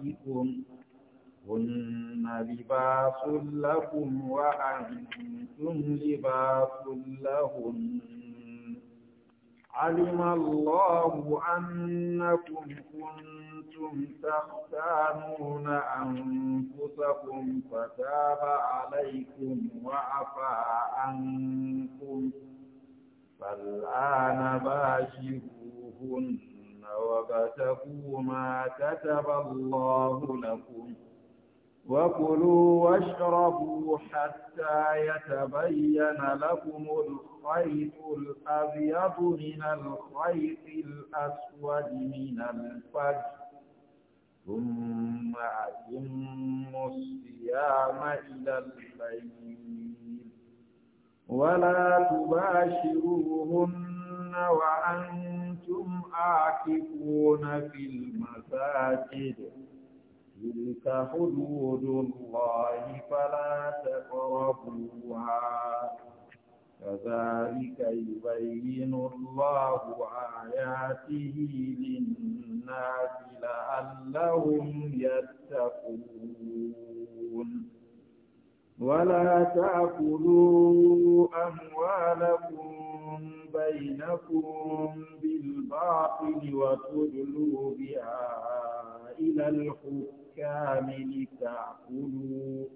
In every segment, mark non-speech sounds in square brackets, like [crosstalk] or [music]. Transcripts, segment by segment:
ربكم هن لباس لكم وأنتم لباس لهن علم الله أنكم كنتم تختانون أنفسكم فتاب عليكم وعفى عنكم فالآن باشروهن وابتغوا ما كتب الله لكم وكلوا واشربوا حتى يتبين لكم الخيط الأبيض من الخيط الأسود من الفجر ثم أتموا الصيام إلى الليل ولا تباشروهن وأنتم أنتم عاكفون في المساجد تلك حدود الله فلا تقربوها كذلك يبين الله آياته للناس لعلهم يتقون ولا تأكلوا أموالكم بينكم بالباطل وتدلوا بها إلى الحكام لتأكلوا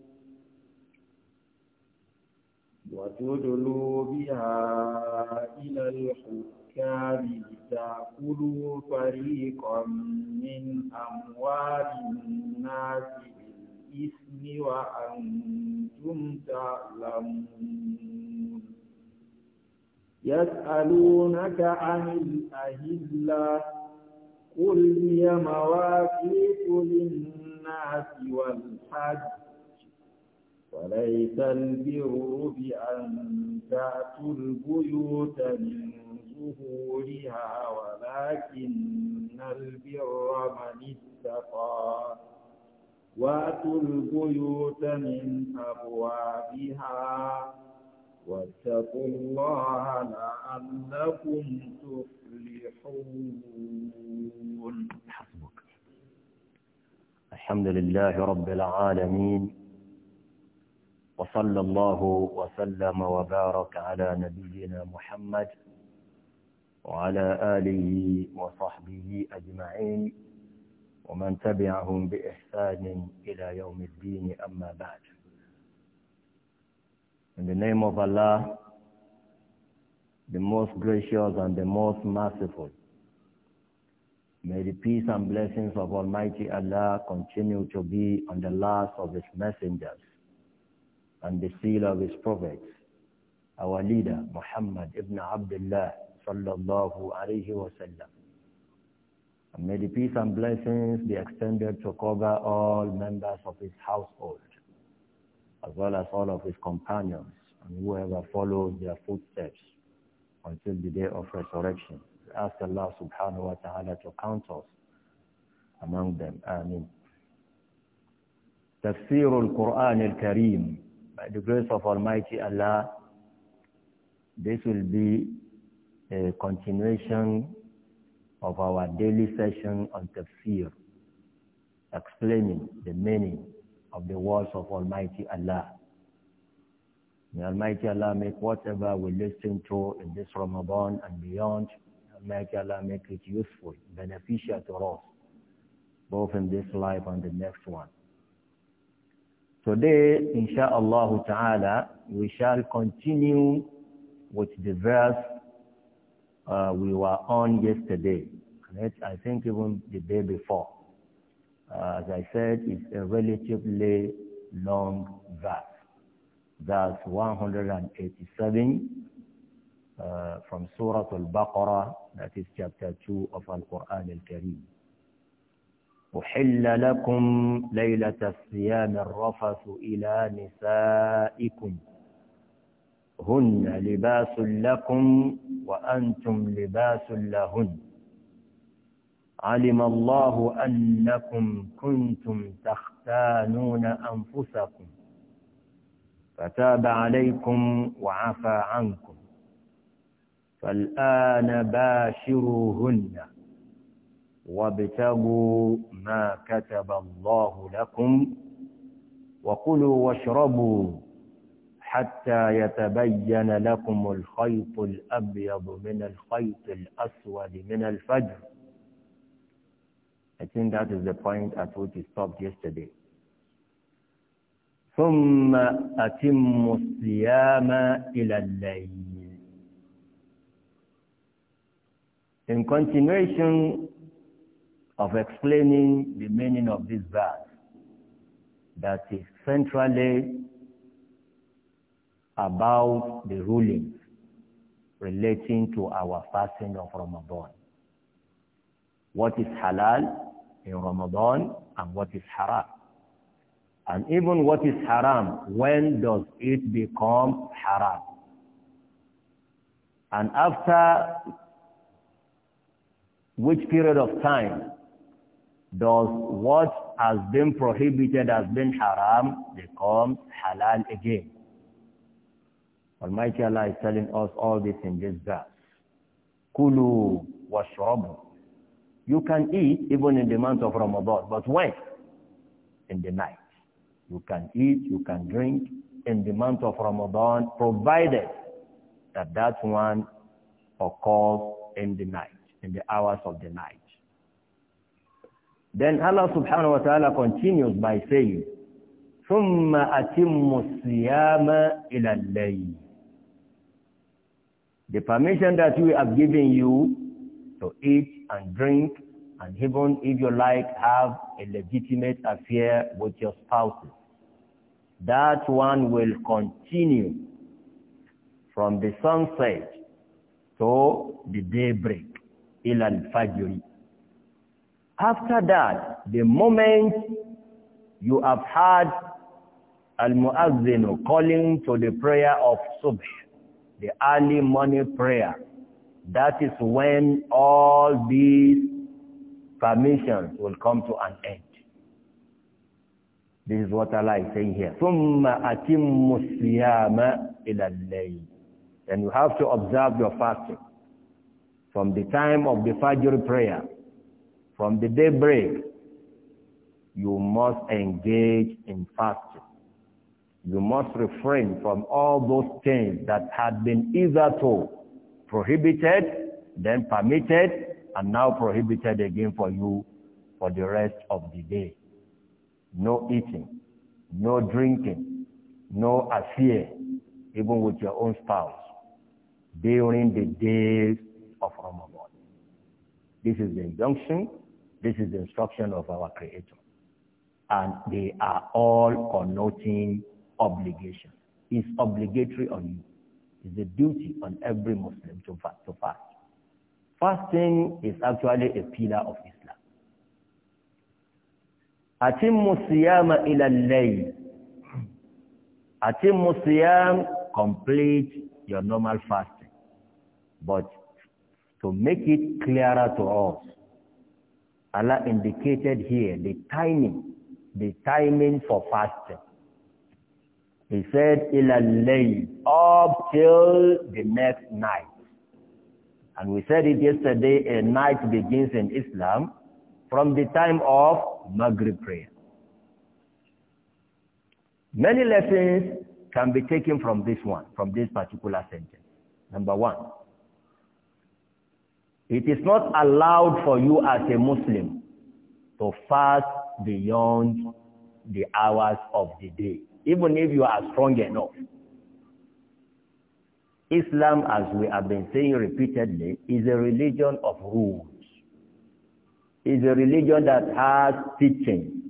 وتدلوا بها إلى الحكام لتأكلوا فريقا من أموال الناس الإثم وأنتم تعلمون يسألونك عن الأهلة قل هي مواقيت للناس والحج وليس البر بأن تأتوا البيوت من ظهورها ولكن البر من اتقى واتوا البيوت من أبوابها واتقوا الله لعلكم تفلحون حسبك الحمد لله رب العالمين وصلى الله وسلم وبارك على نبينا محمد وعلى آله وصحبه أجمعين ومن تبعهم بإحسان إلى يوم الدين أما بعد In the name of Allah, the most gracious and the most merciful, may the peace and blessings of Almighty Allah continue to be on the last of His messengers and the seal of His prophets, our leader Muhammad ibn Abdullah sallallahu alayhi wa sallam. And may the peace and blessings be extended to cover all members of his household, as well as all of his companions and whoever follows their footsteps until the day of resurrection. We ask Allah subhanahu wa ta'ala to count us among them. Ameen. Tafsirul al-Quran al-Karim. By the grace of Almighty Allah, this will be a continuation of our daily session on tafsir, explaining the meaning of the words of Almighty Allah. May Almighty Allah make whatever we listen to in this Ramadan and beyond, Almighty Allah make it useful, beneficial to us, both in this life and the next one. Today, inshaAllah ta'ala, we shall continue with the verse uh, we were on yesterday. I think even the day before. Uh, as I said, it's a relatively long verse. That's 187 uh, from Surah Al-Baqarah, that is chapter 2 of Al-Quran Al-Kareem. أحل لكم ليلة الصيام الرفث إلى نسائكم هن لباس لكم وأنتم لباس لهن علم الله أنكم كنتم تختانون أنفسكم فتاب عليكم وعفى عنكم فالآن باشروهن وابتغوا ما كتب الله لكم وكلوا واشربوا حتى يتبين لكم الخيط الأبيض من الخيط الأسود من الفجر I think that is the point at which we stopped yesterday. ثم أتم الصيام إلى الليل. In continuation of explaining the meaning of this verse, that is centrally about the rulings relating to our fasting of Ramadan. What is halal in Ramadan and what is haram. And even what is haram, when does it become haram? And after which period of time does what has been prohibited as been haram become halal again? Almighty Allah is telling us all this in this verse. Kulu washrabu. You can eat even in the month of Ramadan, but when? In the night. You can eat, you can drink in the month of Ramadan, provided that that one occurs in the night, in the hours of the night. Then Allah subhanahu wa ta'ala continues by saying, ثُمَّ أَتِمُّ الصِّيَامَ إِلَى اللَّيْلِ the permission that we have given you to eat and drink and even if you like have a legitimate affair with your spouses. That one will continue from the sunset to the daybreak, ilal fajri. After that, the moment you have had al Muazzino calling to the prayer of subh, the early morning prayer. That is when all these permissions will come to an end. This is what Allah is saying here. ثُمَّ أَتِمُّ الصِّيَامَ إِلَى Then you have to observe your fasting. From the time of the Fajr prayer, from the daybreak, you must engage in fasting you must refrain from all those things that had been hitherto prohibited, then permitted, and now prohibited again for you for the rest of the day. No eating, no drinking, no affair, even with your own spouse, during the days of Ramadan. This is the injunction, this is the instruction of our Creator. And they are all connoting obligation. It's obligatory on you. It's a duty on every Muslim to fast. To fast. Fasting is actually a pillar of Islam. Atimmu siyama ila al-layl. Atimmu siyam, complete your normal fasting. But to make it clearer to us, Allah indicated here the timing, the timing for fasting. He said, Ilalay, up till the next night. And we said it yesterday, a night begins in Islam from the time of Maghrib prayer. Many lessons can be taken from this one, from this particular sentence. Number one, it is not allowed for you as a Muslim to fast beyond the hours of the day even if you are strong enough. Islam, as we have been saying repeatedly, is a religion of rules. It's a religion that has teaching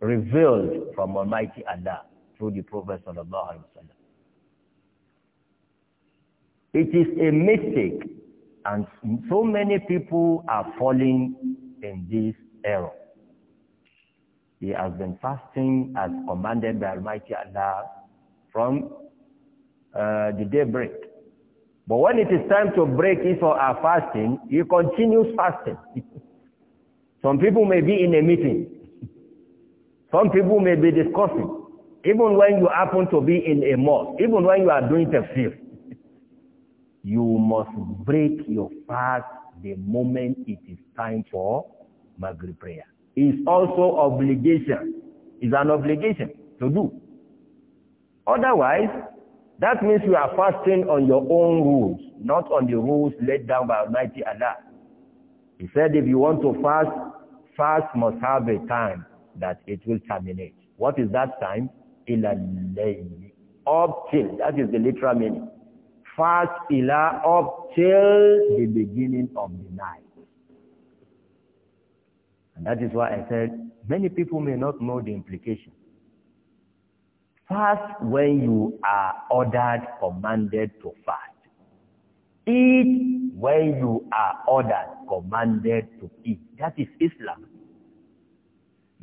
revealed from Almighty Allah through the Prophet Sallallahu Alaihi Wasallam. It is a mistake and so many people are falling in this error. He has been fasting as mm. commanded by Almighty Allah from uh, the daybreak. But when it is time to break his our fasting, he continues fasting. [laughs] Some people may be in a meeting. [laughs] Some people may be discussing. Even when you happen to be in a mosque, even when you are doing the tafsir, [laughs] you must break your fast the moment it is time for Maghrib prayer is also obligation, is an obligation to do. Otherwise, that means you are fasting on your own rules, not on the rules laid down by Almighty Allah. He said if you want to fast, fast must have a time that it will terminate. What is that time? Ila layli. Up till, that is the literal meaning. Fast ila up till the beginning of the night. And that is why I said many people may not know the implication. Fast when you are ordered, commanded to fast. Eat when you are ordered, commanded to eat. That is Islam.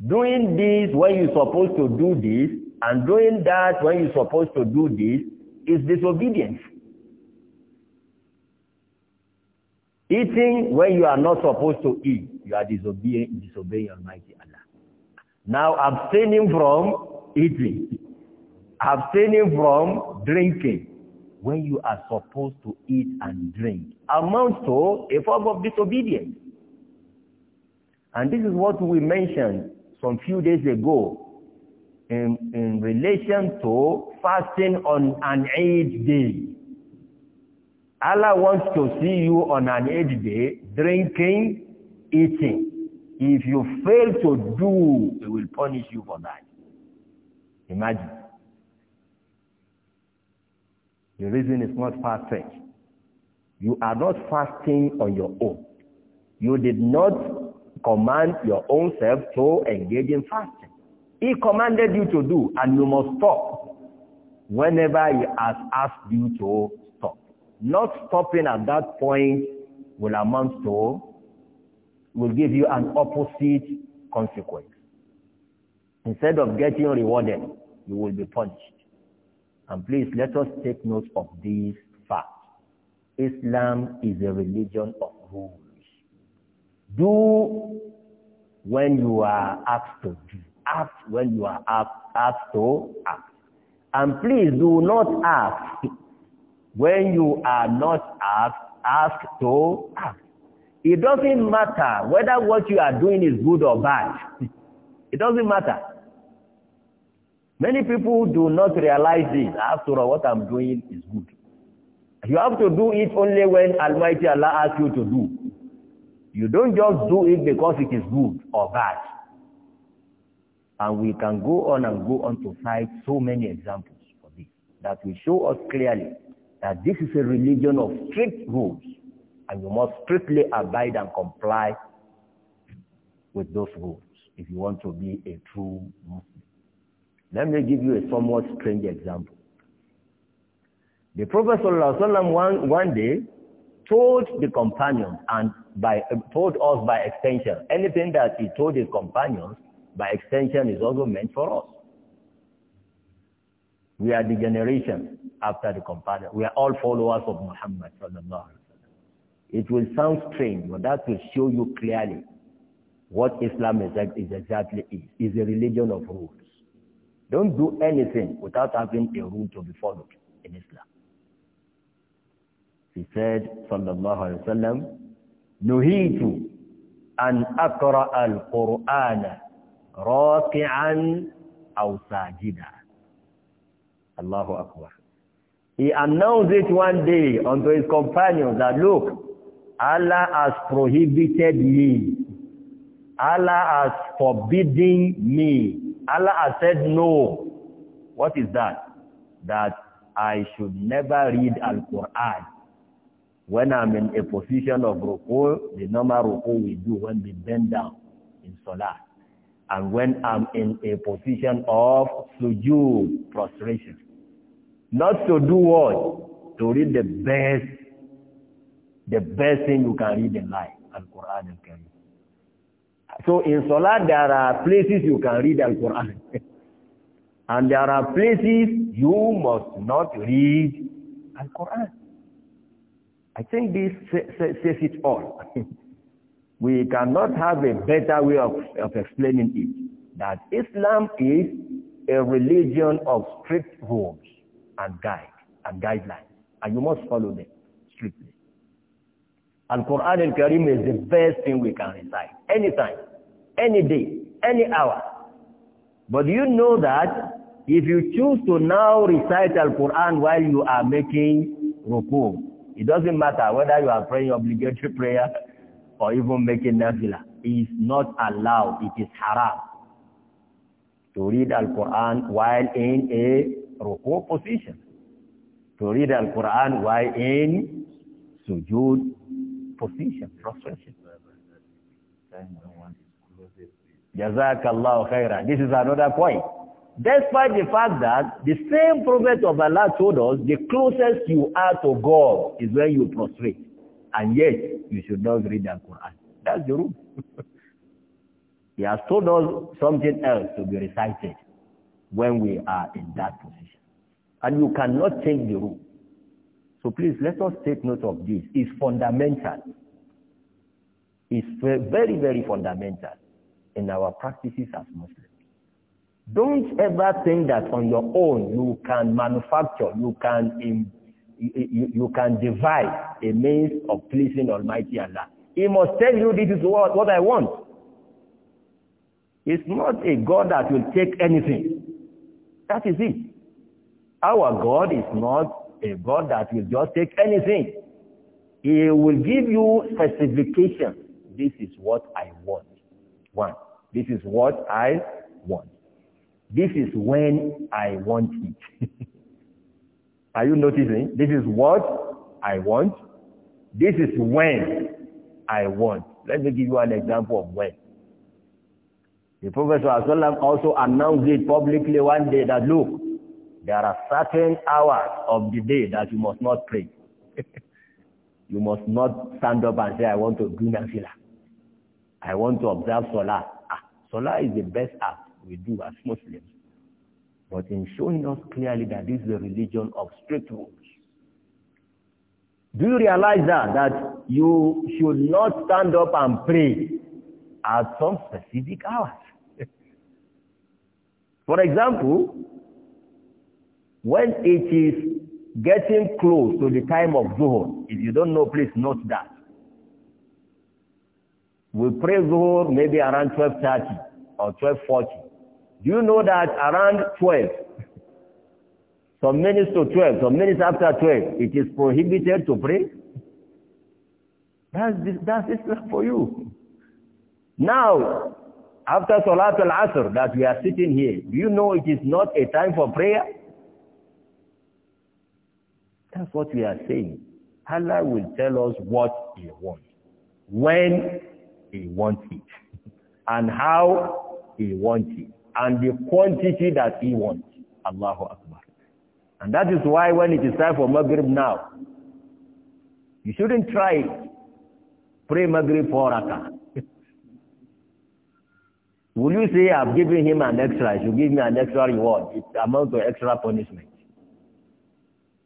Doing this when you're supposed to do this, and doing that when you're supposed to do this, is disobedience. Eating when you are not supposed to eat, you are disobeying, disobeying Almighty Allah. Now abstaining from eating, abstaining from drinking when you are supposed to eat and drink amounts to a form of disobedience. And this is what we mentioned some few days ago in, in relation to fasting on an Eid day. Allah wants to see you on an eighth day drinking, eating. If you fail to do, He will punish you for that. Imagine. The reason is not far-fetched. You are not fasting on your own. You did not command your own self to engage in fasting. He commanded you to do, and you must stop whenever He has asked you to Not stopping at that point will amount to, will give you an opposite consequence. Instead of getting rewarded, you will be punished. And please let us take note of these facts. Islam is a religion of rules. Do when you are asked to do. Act when you are asked, asked to act. And please do not ask When you are not asked, ask to ask. It doesn't matter whether what you are doing is good or bad. [laughs] It doesn't matter. Many people do not realize this. After all, what I'm doing is good. You have to do it only when Almighty Allah asks you to do. You don't just do it because it is good or bad. And we can go on and go on to cite so many examples for this that will show us clearly that this is a religion of strict rules, and you must strictly abide and comply with those rules if you want to be a true Muslim. Let me give you a somewhat strange example. The Prophet ﷺ one, one day told the companions and by, told us by extension, anything that he told his companions by extension is also meant for us. We are the generation after the companion. We are all followers of Muhammad It will sound strange, but that will show you clearly what Islam is, is exactly is. It's a religion of rules. Don't do anything without having a rule to be followed in Islam. He said, sallallahu alayhi wa sallam, نهيت أن أقرأ القرآن راكعا أو ساجدا Allahu Akbar. He announced it one day unto his companions that, look, Allah has prohibited me. Allah has forbidden me. Allah has said no. What is that? That I should never read Al-Quran. When I'm in a position of ruku, the normal ruku we do when we bend down in salah and when I'm in a position of sujood, prostration. Not to do what? To read the best, the best thing you can read in life, Al-Quran al-Karim. So in Salah, there are places you can read Al-Quran. [laughs] and there are places you must not read Al-Quran. I think this says it all. [laughs] we cannot have a better way of, of explaining it, that Islam is a religion of strict rules and guide and guidelines, and you must follow them strictly. And Quran al-Karim is the best thing we can recite, anytime, any day, any hour. But you know that if you choose to now recite Al-Quran while you are making ruku, it doesn't matter whether you are praying obligatory [laughs] prayer or even making nafila is not allowed. It is haram to read Al-Quran while in a ruku position. To read Al-Quran while in sujud position, prostration. Jazakallah khairah. This is another point. Despite the fact that the same prophet of Allah told us, the closest you are to God is when you prostrate. and yet you should not read the Quran. That's the rule. [laughs] he has told us something else to be recited when we are in that position. And you cannot change the rule. So please let us take note of this. It's fundamental. It's very, very fundamental in our practices as Muslims. Don't ever think that on your own you can manufacture, you can you, you can devise a means of pleasing Almighty Allah. He must tell you this is what, what I want. It's not a God that will take anything. That is it. Our God is not a God that will just take anything. He will give you specification. This is what I want. One. This is what I want. This is when I want it. [laughs] Are you noticing? This is what I want. This is when I want. Let me give you an example of when. The Prophet also announced it publicly one day that look, there are certain hours of the day that you must not pray. [laughs] you must not stand up and say, I want to do nafila. I want to observe salah. Ah, salah is the best act we do as Muslims. but in showing us clearly that this is a religion of strict rules. Do you realize that? That you should not stand up and pray at some specific hours. [laughs] For example, when it is getting close to the time of Zuhur, if you don't know, please note that. We pray Zuhur maybe around 12.30 or 12.40. Do you know that around 12, some minutes to 12, some minutes after 12, it is prohibited to pray? That's, that's Islam for you. Now, after Salat al-Asr that we are sitting here, do you know it is not a time for prayer? That's what we are saying. Allah will tell us what He wants, when He wants it, [laughs] and how He wants it and the quantity that he wants. Allahu Akbar. And that is why when it is time for Maghrib now, you shouldn't try it. Pray Maghrib for Raka. [laughs] Will you say, I've given him an extra, he you give me an extra reward. It amounts to extra punishment.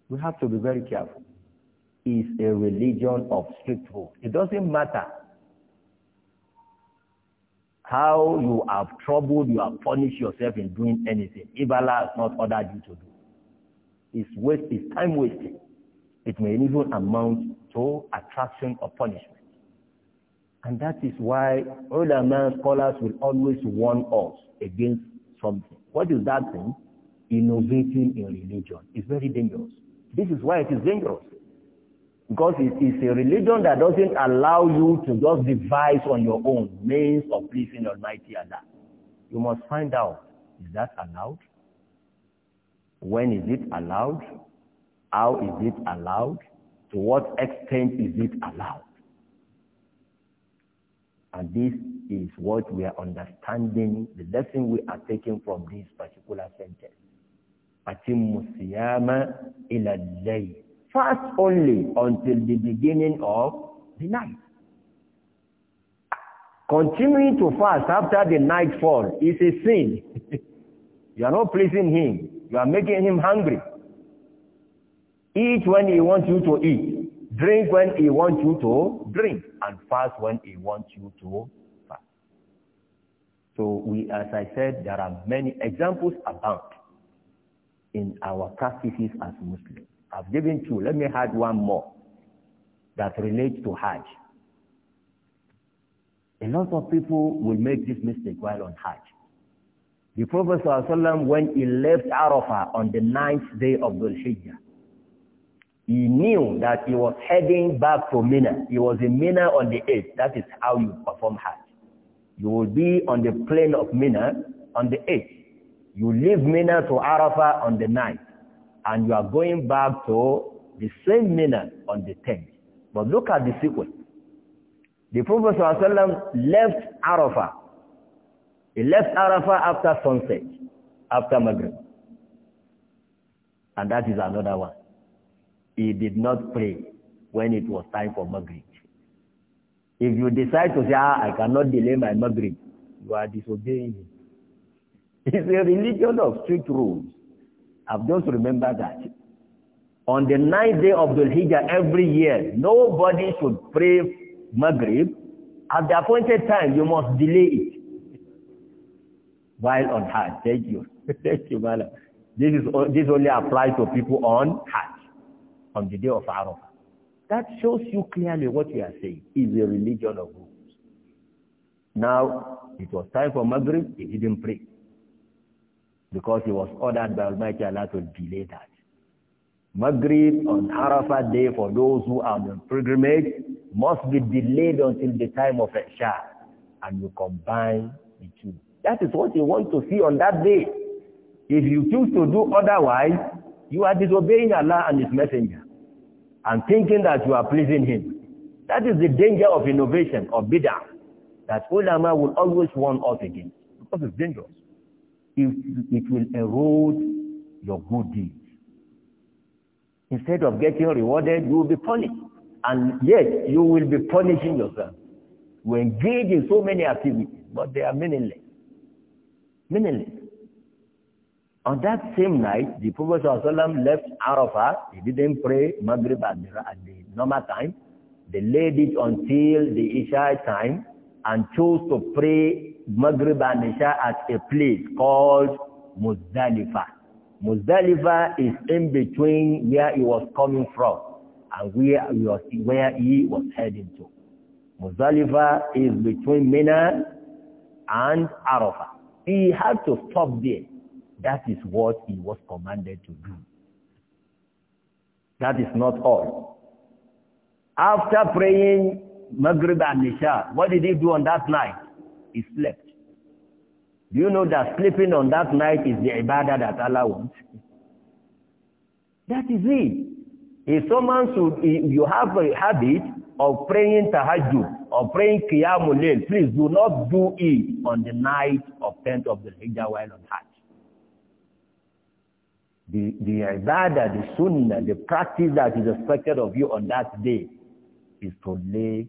We have to be very careful. It's a religion of strict rules. It doesn't matter how you have troubled, you have punished yourself in doing anything. If Allah has not ordered you to do. It's waste, it's time wasting. It may even amount to attraction or punishment. And that is why ulama scholars will always warn us against something. What is that thing? Innovating in religion. is very dangerous. This is why it is dangerous. Because it is a religion that doesn't allow you to just devise on your own means of pleasing Almighty Allah. You must find out, is that allowed? When is it allowed? How is it allowed? To what extent is it allowed? And this is what we are understanding, the lesson we are taking from this particular sentence. أتم الليل fast only until the beginning of the night. Continuing to fast after the nightfall is a sin. [laughs] you are not pleasing him. You are making him hungry. Eat when he wants you to eat. Drink when he wants you to drink. And fast when he wants you to fast. So we, as I said, there are many examples abound in our practices as Muslims. I've given two. Let me add one more that relates to Hajj. A lot of people will make this mistake while on Hajj. The Prophet ﷺ, when he left Arafah on the ninth day of Dhul Hijjah, he knew that he was heading back to Mina. He was in Mina on the 8th. That is how you perform Hajj. You will be on the plain of Mina on the 8th. You leave Mina to Arafah on the 9th. and you are going back to the same Mina on the tenth. But look at the sequence. The Prophet ﷺ left Arafah. He left Arafah after sunset, after Maghrib. And that is another one. He did not pray when it was time for Maghrib. If you decide to say, ah, I cannot delay my Maghrib, you are disobeying him. It's [laughs] a religion of strict rules. I've just remembered that. On the ninth day of Dhul Hijjah every year, nobody should pray Maghrib. At the appointed time, you must delay it. While on Hajj. Thank you. [laughs] Thank you, Mala. This, is, this only applies to people on Hajj, on the day of Arafah. That shows you clearly what we are saying is a religion of rules. Now, it was time for Maghrib, he didn't pray. because he was ordered by Almighty Allah to delay that. Maghrib on Arafat day for those who are on pilgrimage must be delayed until the time of Isha and you combine the two. That is what you want to see on that day. If you choose to do otherwise, you are disobeying Allah and His Messenger and thinking that you are pleasing Him. That is the danger of innovation, of bid'ah, that ulama will always warn us against because it's dangerous if it will erode your good deeds. Instead of getting rewarded, you will be punished. And yet, you will be punishing yourself. We engage in so many activities, but they are meaningless. Meaningless. On that same night, the Prophet ﷺ left Arafah. He didn't pray Maghrib at the, at the normal time. They laid it until the Isha time and chose to pray Maghrib and Isha at a place called Muzdalifah. Muzdalifah is in between where he was coming from and where he was, where he was heading to. Muzdalifah is between Mina and Arafah. He had to stop there. That is what he was commanded to do. That is not all. After praying Maghrib and Isha. What did he do on that night? He slept. Do you know that sleeping on that night is the ibadah that Allah wants? That is it. If someone should, if you have a habit of praying tahajjud or praying qiyamul layl, please do not do it on the night of 10th of the Hijjah while on Hajj. The, the ibadah, the sunnah, the practice that is expected of you on that day is to lay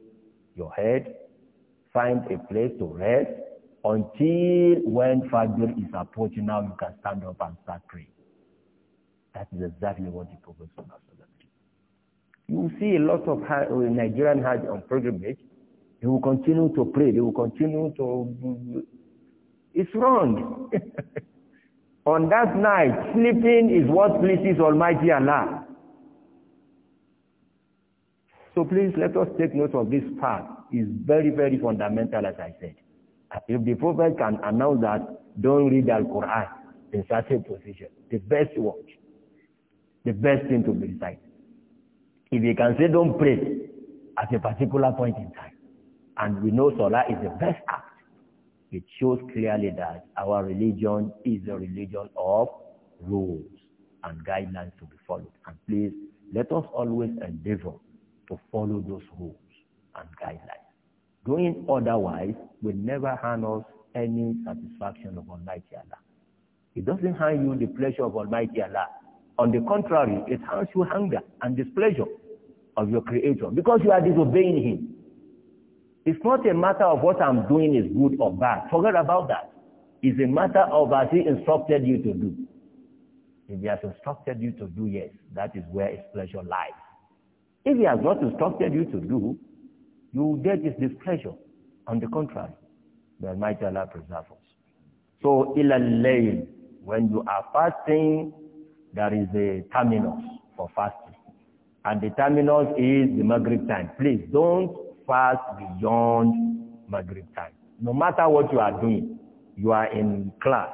your head, find a place to rest until when Fajr is approaching. Now you can stand up and start praying. That is exactly what the Prophet Sunday. You see a lot of uh, Nigerian Hajj on pilgrimage. They will continue to pray. They will continue to. It's wrong. [laughs] on that night, sleeping is what pleases Almighty Allah. So please let us take note of this fact. It's very, very fundamental, as I said. If the prophet can announce that, don't read the Quran in such a position, the best word, the best thing to be recited. If you can say don't pray at a particular point in time, and we know Salah is the best act, it shows clearly that our religion is a religion of rules and guidelines to be followed. And please, let us always endeavor to follow those rules and guidelines. Doing otherwise will never hand us any satisfaction of Almighty Allah. It doesn't hand you the pleasure of Almighty Allah. On the contrary, it hands you hunger and displeasure of your Creator because you are disobeying Him. It's not a matter of what I'm doing is good or bad. Forget about that. It's a matter of as He instructed you to do. If He has instructed you to do, yes, that is where His pleasure lies. If he has not instructed you to do, you will get his displeasure. On the contrary, the Almighty Allah preserve us. So, ilal when you are fasting, there is a terminus for fasting. And the terminus is the Maghrib time. Please don't fast beyond Maghrib time. No matter what you are doing, you are in class,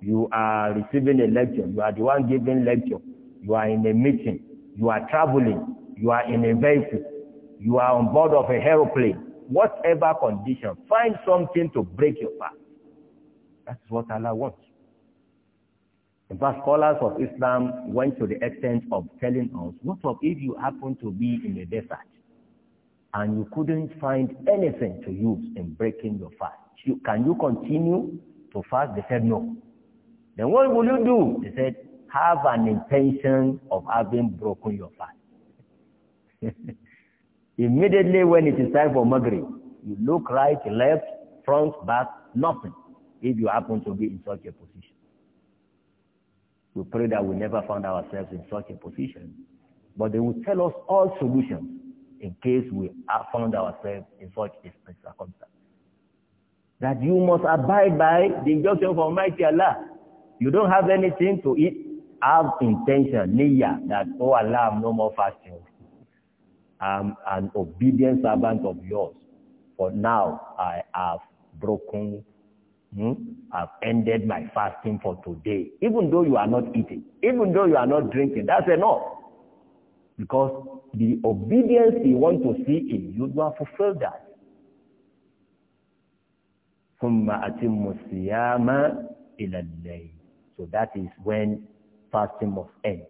you are receiving a lecture, you are the one giving lecture, you are in a meeting, you are traveling, you are in a vehicle, you are on board of a aeroplane, whatever condition, find something to break your fast. That's what Allah wants. In fact, scholars of Islam went to the extent of telling us, what if you happen to be in a desert and you couldn't find anything to use in breaking your fast? can you continue to fast? They said no. Then what will you do? They said, have an intention of having broken your fast. [laughs] Immediately when it is time for Maghrib, you look right, left, front, back, nothing, if you happen to be in such a position. We pray that we never find ourselves in such a position. But they will tell us all solutions in case we have found ourselves in such a circumstance. That you must abide by the injunction of Almighty Allah. You don't have anything to eat. Have intention, niyyah, that, oh Allah, no more fasting. I'm an obedient servant of yours. For now, I have broken, hmm? I've ended my fasting for today. Even though you are not eating, even though you are not drinking, that's enough. Because the obedience he wants to see in you, you have fulfilled that. So that is when fasting must end.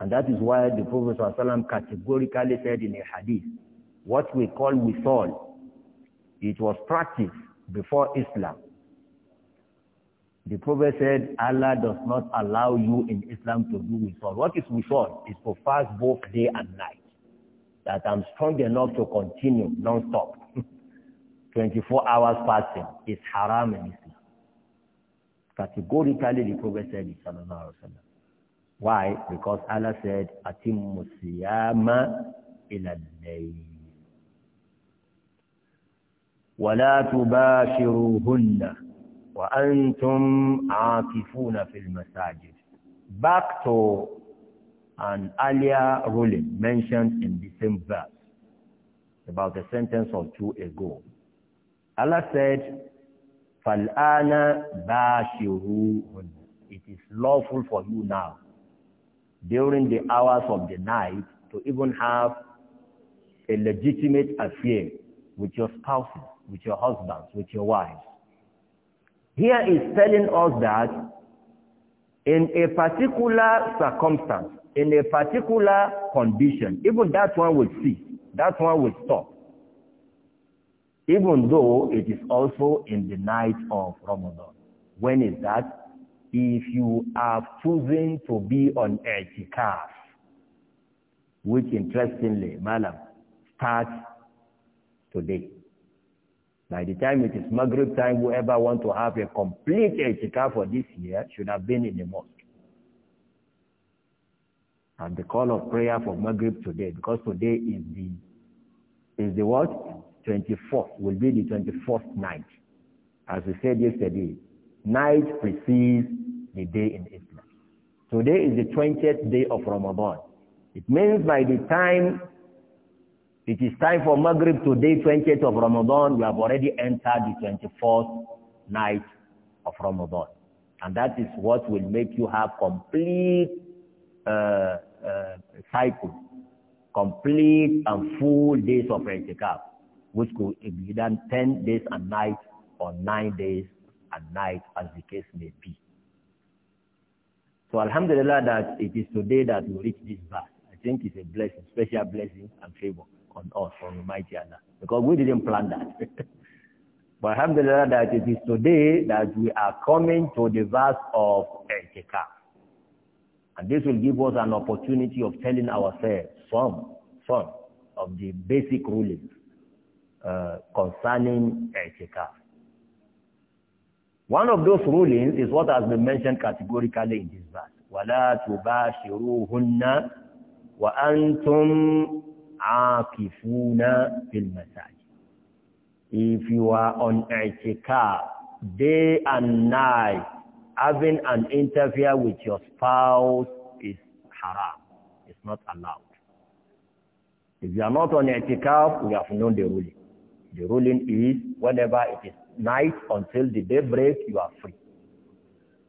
And that is why the Prophet ﷺ categorically said in a hadith, what we call withal, it was practiced before Islam. The Prophet said, Allah does not allow you in Islam to do withal. What is withal? Is to fast both day and night. That I'm strong enough to continue non-stop. [laughs] 24 hours fasting is haram in Islam. Categorically, the Prophet said, Sallallahu Alaihi why? Because Allah said, Atim siyama ila al-layl." ولا تباشروهن وأنتم عاكفون في المساجد. Back to an earlier ruling mentioned in the same verse, about a sentence or two ago. Allah said, فَالْآنَ بَاشِرُوهُنَّ It is lawful for you now during the hours of the night to even have a legitimate affair with your spouses, with your husbands, with your wives. Here is telling us that in a particular circumstance, in a particular condition, even that one will cease, that one will stop. Even though it is also in the night of Ramadan. When is that? if you have chosen to be on i'tikaf, which interestingly, Malam, starts today. By the time it is Maghrib time, whoever want to have a complete Etiquette for this year should have been in the mosque. And the call of prayer for Maghrib today, because today is the is the what? 24th, will be the 24th night. As we said yesterday, Night precedes the day in Islam. Today is the 20th day of Ramadan. It means by the time it is time for Maghrib today, 20th of Ramadan, we have already entered the 24th night of Ramadan. And that is what will make you have complete uh, uh, cycle, complete and full days of itikaf, which could be done 10 days and night or 9 days at night, as the case may be. So Alhamdulillah that it is today that we reach this verse. I think it's a blessing, special blessing and favor on us from Almighty Allah. Because we didn't plan that. [laughs] but Alhamdulillah that it is today that we are coming to the verse of Etikaf. And this will give us an opportunity of telling ourselves some, some of the basic rulings uh, concerning Etikaf. One of those rulings is what has been mentioned categorically in this verse. وَلَا تُبَاشِرُوهُنَّ وَأَنْتُمْ عَاكِفُونَ فِي الْمَسَاجِدِ If you are on i'tikaf, day and night, having an interview with your spouse is haram. It's not allowed. If you are not on i'tikaf, we have known the ruling. The ruling is whenever it is night until the daybreak, you are free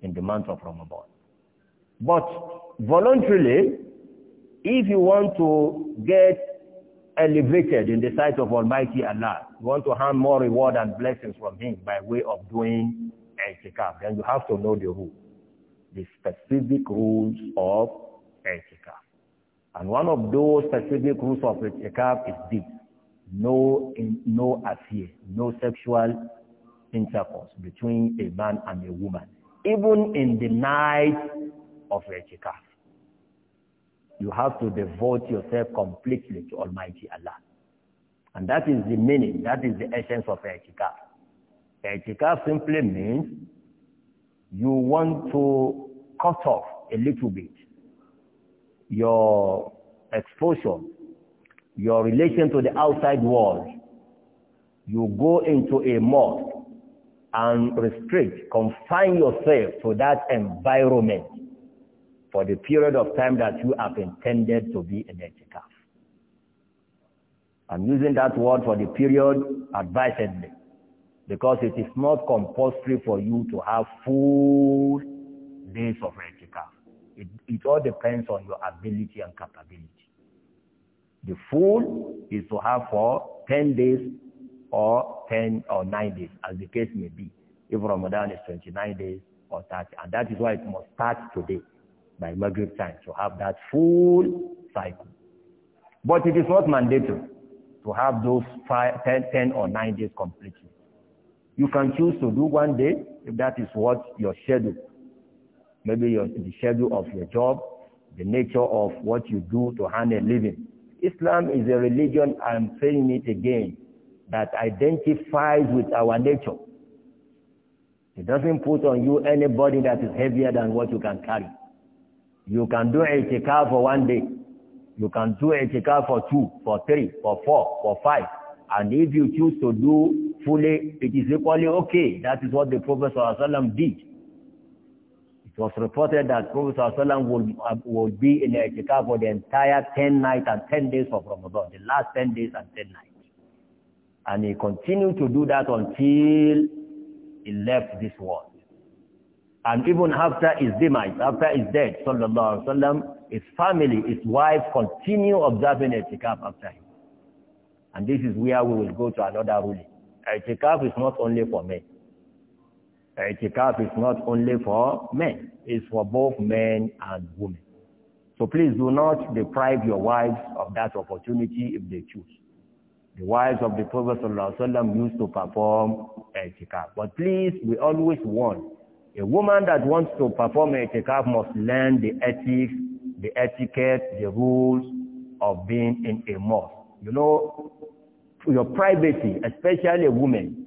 in the month of Ramadan. But voluntarily, if you want to get elevated in the sight of Almighty Allah, you want to have more reward and blessings from Him by way of doing i'tikaf, then you have to know the rule, the specific rules of i'tikaf. And one of those specific rules of i'tikaf is this, no, no affair, no sexual intercourse between a man and a woman, even in the night of itikaf. You have to devote yourself completely to Almighty Allah. And that is the meaning, that is the essence of itikaf. Itikaf simply means you want to cut off a little bit your exposure, your relation to the outside world. You go into a mosque and restrict, confine yourself to that environment for the period of time that you have intended to be in itikaf. I'm using that word for the period advisedly because it is not compulsory for you to have full days of itikaf. It, it all depends on your ability and capability. The full is to have for 10 days or 10 or 9 days, as the case may be. If Ramadan is 29 days or 30, and that is why it must start today by Maghrib time to have that full cycle. But it is not mandatory to have those five, 10, 10 or 9 days completely. You can choose to do one day if that is what your schedule, maybe your, the schedule of your job, the nature of what you do to earn a living. Islam is a religion, I'm saying it again, that identifies with our nature. It doesn't put on you any burden that is heavier than what you can carry. You can do itikaf for one day. You can do itikaf for two, for three, for four, for five. And if you choose to do fully, it is equally okay. That is what the Prophet ﷺ did. It was reported that Prophet ﷺ would, uh, would be in itikaf for the entire 10 nights and 10 days of Ramadan, the last 10 days and 10 nights. And he continued to do that until he left this world. And even after his demise, after his death, sallallahu alaihi wasallam, his family, his wife continue observing itikaf after him. And this is where we will go to another ruling. Itikaf is not only for men. Itikaf is not only for men. It's for both men and women. So please do not deprive your wives of that opportunity if they choose. The wives of the Prophet ﷺ used to perform etikaf. But please, we always warn, a woman that wants to perform etikaf must learn the ethics, the etiquette, the rules of being in a mosque. You know, your privacy, especially a woman,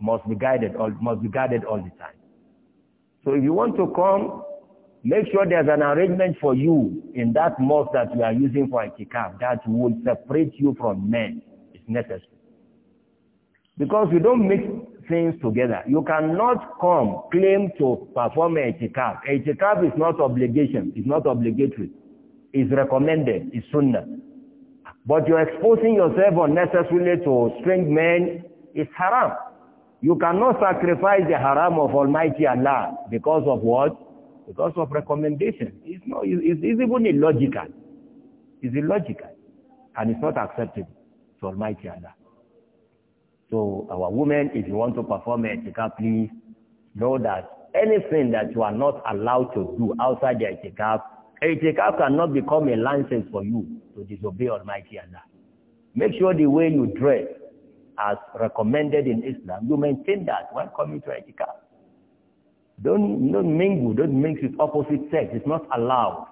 must be guided all, must be guarded all the time. So if you want to come, make sure there's an arrangement for you in that mosque that you are using for a that will separate you from men. necessary. Because you don't mix things together. You cannot come claim to perform a itikaf. A itikaf is not obligation. It's not obligatory. It's recommended. It's sunnah. But you're exposing yourself unnecessarily to strange men. It's haram. You cannot sacrifice the haram of Almighty Allah because of what? Because of recommendation. It's, not, it's, it's even illogical. It's illogical. And it's not acceptable to Almighty Allah. So our women, if you want to perform Etika, please know that anything that you are not allowed to do outside the Etika, Etika cannot become a license for you to disobey Almighty Allah. Make sure the way you dress, as recommended in Islam, you maintain that when coming to Etika. Don't, don't mingle, don't mix with opposite sex. It's not allowed.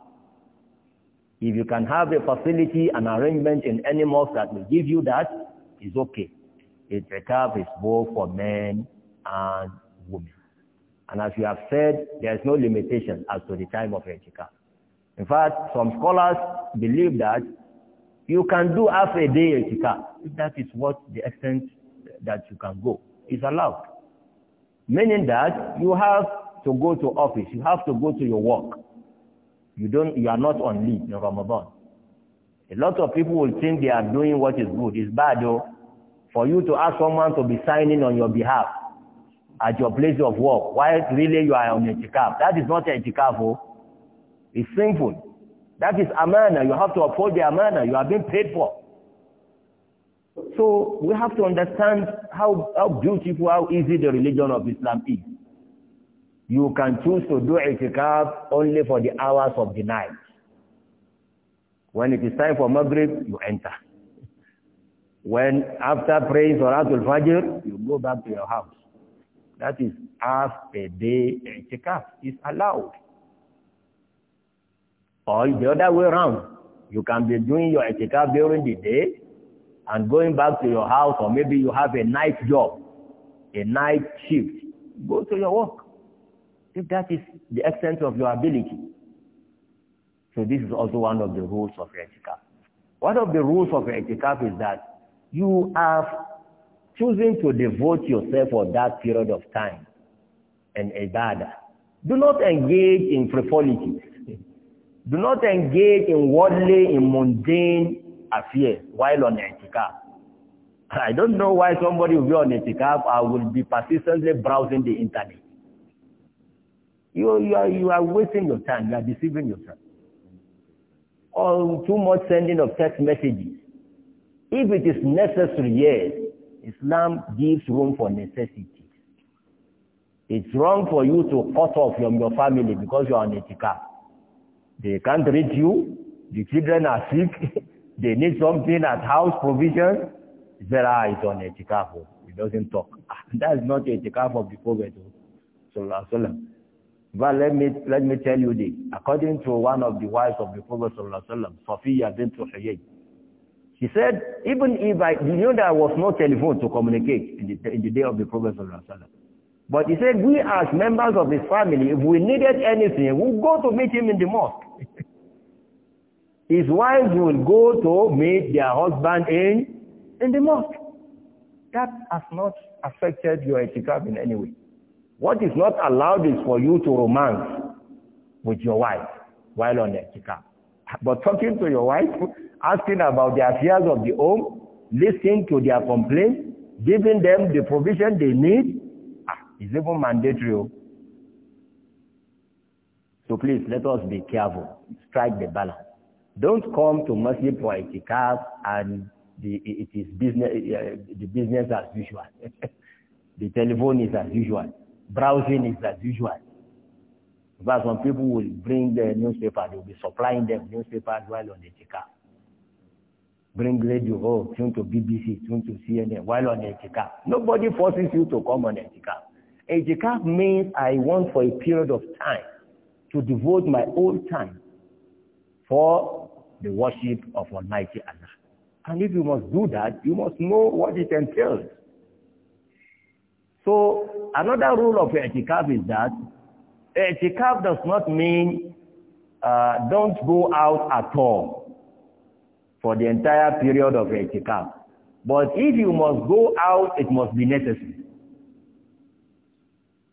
If you can have a facility, an arrangement in any mosque that will give you that, it's okay. Itikaf is both for men and women. And as you have said, there is no limitation as to the time of itikaf. In fact, some scholars believe that you can do half a day itikaf, if that is what the extent that you can go is allowed. Meaning that you have to go to office, you have to go to your work, You don't, you are not on leave in Ramadan. A lot of people will think they are doing what is good. It's bad though. For you to ask someone to be signing on your behalf at your place of work while really you are on etikaf. That is not a etikaf. Oh. It's sinful. That is amana. You have to uphold the amana. You are being paid for. So we have to understand how, how beautiful, how easy the religion of Islam is. You can choose to do itikaf only for the hours of the night. When it is time for Maghrib, you enter. When after praying Salatul Fajr, you go back to your house. That is half a day itikaf is allowed. Or the other way around, you can be doing your itikaf during the day and going back to your house or maybe you have a night job, a night shift. Go to your work. If that is the extent of your ability. So this is also one of the rules of etikaf. One of the rules of etikaf is that you are choosing to devote yourself for that period of time and ibadah. Do not engage in frivolities. Do not engage in worldly, in mundane affairs while on etikaf. I don't know why somebody will be on etikaf. I will be persistently browsing the internet you, you, are, you are wasting your time, you are deceiving yourself. Or too much sending of text messages. If it is necessary, yes, Islam gives room for necessity. It's wrong for you to cut off from your family because you are on itikaf. They can't reach you. The children are sick. [laughs] they need something at house, provision. There are, ah, it's on itikaf. He doesn't talk. [laughs] That's not itikaf of the Prophet. Sallallahu Alaihi Wasallam. But let me, let me tell you this. According to one of the wives of the Prophet ﷺ, Safiya bint Huyay, she said, even if I, you know there was no telephone to communicate in the, in the day of the Prophet ﷺ. But he said, we as members of his family, if we needed anything, we'll go to meet him in the mosque. [laughs] his wives will go to meet their husband in, in the mosque. That has not affected your etiquette in any way. What is not allowed is for you to romance with your wife while on Etika. But talking to your wife, asking about the affairs of the home, listening to their complaints, giving them the provision they need, ah, is even mandatory. Oh. So please, let us be careful. Strike the balance. Don't come to masjid for Etika and the, it is business, uh, the business as usual. [laughs] the telephone is as usual browsing is as usual. But some people will bring the newspaper, they will be supplying them newspapers while on the tikka. Bring radio home, oh, tune to BBC, tune to CNN while on the tikka. Nobody forces you to come on the tikka. Etikaf means I want for a period of time to devote my whole time for the worship of Almighty Allah. And if you must do that, you must know what it entails. So another rule of i'tikaf is that i'tikaf does not mean uh, don't go out at all for the entire period of i'tikaf. But if you must go out, it must be necessary.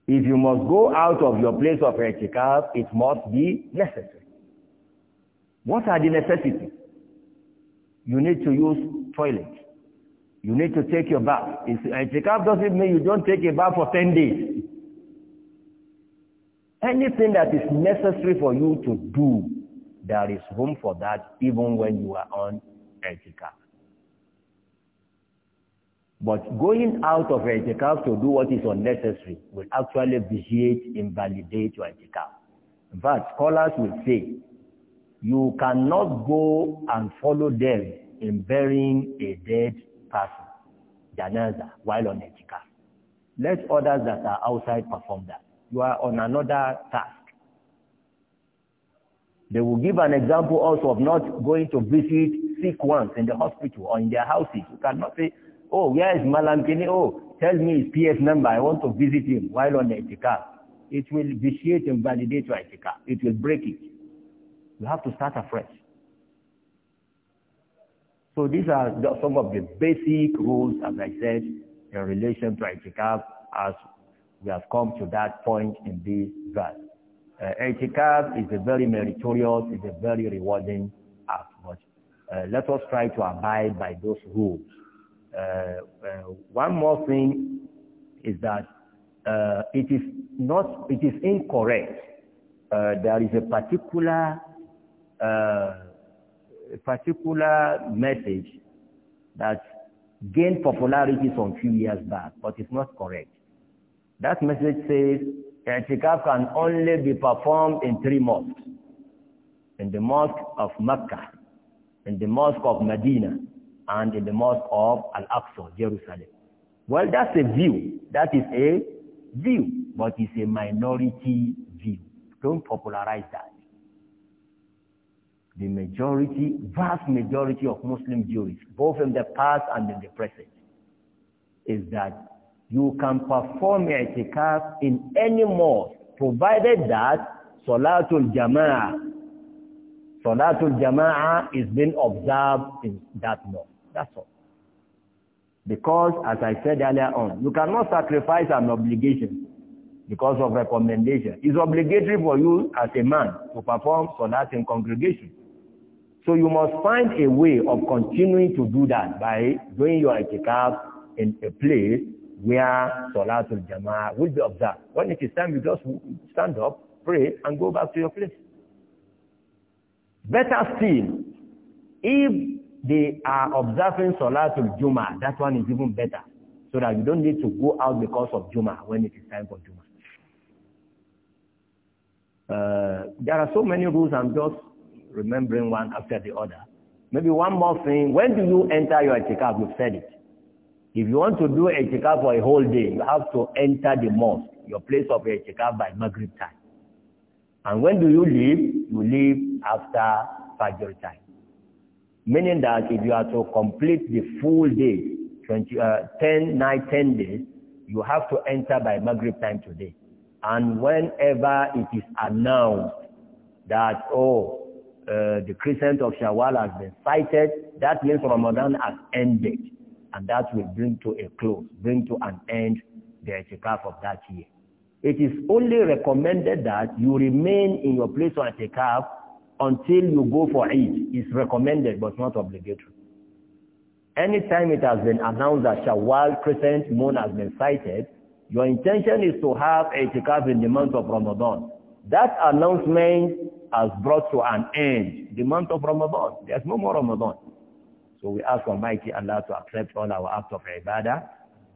If you must go out of your place of i'tikaf, it must be necessary. What are the necessities? You need to use toilet. You need to take your bath. Itikaf doesn't mean you don't take a bath for 10 days. Anything that is necessary for you to do, there is room for that even when you are on itikaf. But going out of itikaf to do what is unnecessary will actually vitiate, invalidate your itikaf. In fact, scholars will say, you cannot go and follow them in burying a dead person, janaza, while on etikaf. Let others that are outside perform that. You are on another task. They will give an example also of not going to visit sick ones in the hospital or in their houses. You cannot say, oh, where is Malam Kini? Oh, tell me his PS number. I want to visit him while on the etikaf. It will vitiate and validate your etikaf. It will break it. You have to start afresh. So these are some of the basic rules, as I said, in relation to itikaf as we have come to that point in this verse. Uh, itikaf is a very meritorious, it's a very rewarding act, but uh, let us try to abide by those rules. Uh, uh one more thing is that uh, it is not, it is incorrect. Uh, there is a particular a particular message that gained popularity some few years back, but it's not correct. That message says i'tikaf can only be performed in three mosques. In the mosque of Mecca, in the mosque of Medina, and in the mosque of Al-Aqsa, Jerusalem. Well, that's a view. That is a view, but it's a minority view. Don't popularize that the majority, vast majority of Muslim Jews, both in the past and in the present, is that you can perform i'tikaf in any mosque, provided that Salatul Jama'ah, Salatul Jama'ah is being observed in that mosque. That's all. Because, as I said earlier on, you cannot sacrifice an obligation because of recommendation. It's obligatory for you as a man to perform salat in congregation. So you must find a way of continuing to do that by doing your itikaf in a place where Salatul Jama'ah will be observed. When it is time, you just stand up, pray, and go back to your place. Better still, if they are observing Salatul Juma, that one is even better, so that you don't need to go out because of Juma when it is time for Juma. Uh, there are so many rules I'm just remembering one after the other. Maybe one more thing, when do you enter your itikaf? You've said it. If you want to do itikaf for a whole day, you have to enter the mosque, your place of itikaf by Maghrib time. And when do you leave? You leave after Fajr time. Meaning that if you are to complete the full day, 20, uh, 10, 9, 10 days, you have to enter by Maghrib time today. And whenever it is announced that, oh, Uh, the crescent of Shawwal has been sighted, that means Ramadan has ended. And that will bring to a close, bring to an end the itikaf of that year. It is only recommended that you remain in your place of itikaf until you go for Eid. It's recommended, but not obligatory. Anytime it has been announced that Shawwal crescent moon has been sighted, your intention is to have itikaf in the month of Ramadan. That announcement has brought to an end the month of Ramadan. There's no more Ramadan. So we ask Almighty Allah to accept all our acts of ibadah,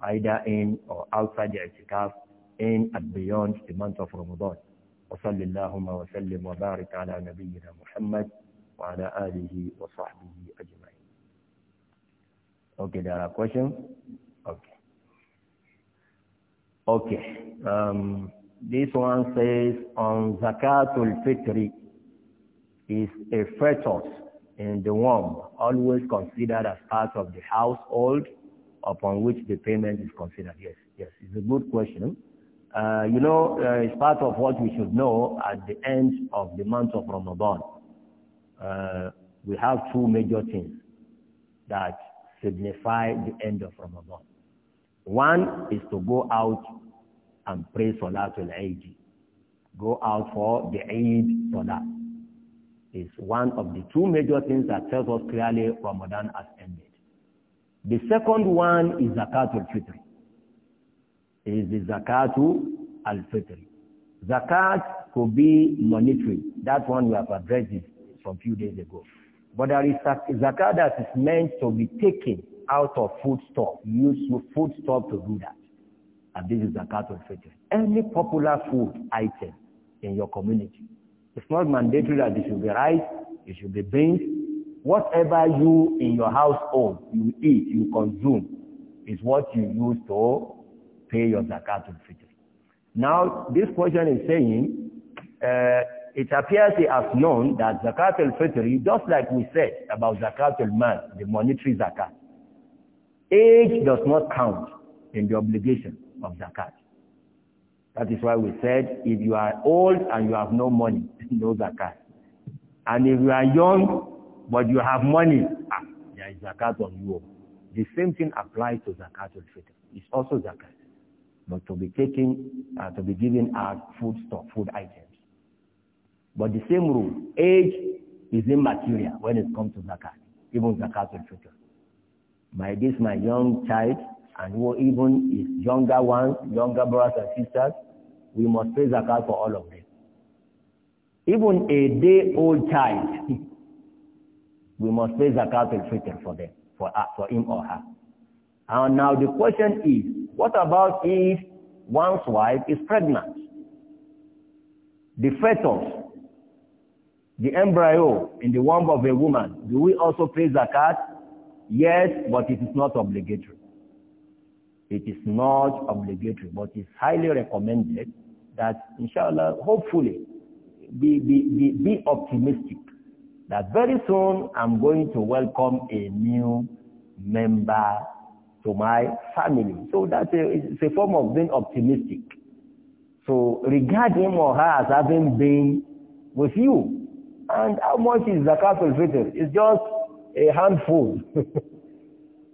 either in or outside the itikaf, in and beyond the month of Ramadan. وصل اللهم وسلم وبارك على نبينا محمد وعلى آله وصحبه أجمعين. Okay, there are questions? Okay. Okay. Um, this one says on Zakatul Fitri is a fetus in the womb, always considered as part of the household upon which the payment is considered. Yes, yes, it's a good question. Uh, you know, uh, it's part of what we should know at the end of the month of Ramadan. Uh, we have two major things that signify the end of Ramadan. One is to go out and pray Salatul Eid. Go out for the Eid Salat. It's one of the two major things that tells us clearly Ramadan has ended. The second one is Zakatul Fitr. Is the Zakatul Al-Fitr. Zakat could be monetary. That one we have addressed it some few days ago. But there is zakat that is meant to be taken out of food store. You use food store to do that. and this is zakat al fitr. Any popular food item in your community. It's not mandatory that it should be rice, it should be beans. Whatever you in your household, you eat, you consume, is what you use to pay your zakat al fitr. Now, this question is saying, uh, it appears it has known that zakat al fitr, just like we said about zakat al man, the monetary zakat, age does not count in the obligation. of zakat. That is why we said, if you are old and you have no money, [laughs] no zakat. And if you are young, but you have money, ah, there is zakat on you. The same thing applies to zakat al-fitr. It's also zakat, but to be taken, uh, to be given as food stuff, food items. But the same rule, age is immaterial when it comes to zakat, even zakat al-fitr. My, this, my young child, and even his younger ones, younger brothers and sisters, we must pay zakat for all of them. Even a day old child, [laughs] we must pay zakat and fitr for them, for, uh, for him or her. And now the question is, what about if one's wife is pregnant? The fetus, the embryo in the womb of a woman, do we also pay zakat? Yes, but it is not obligatory. It is not obligatory, but it's highly recommended that, inshallah, hopefully, be, be, be, be optimistic that very soon I'm going to welcome a new member to my family. So that is a form of being optimistic. So regard him or her as having been with you. And how much is zakat al-fitr? It's just a handful [laughs]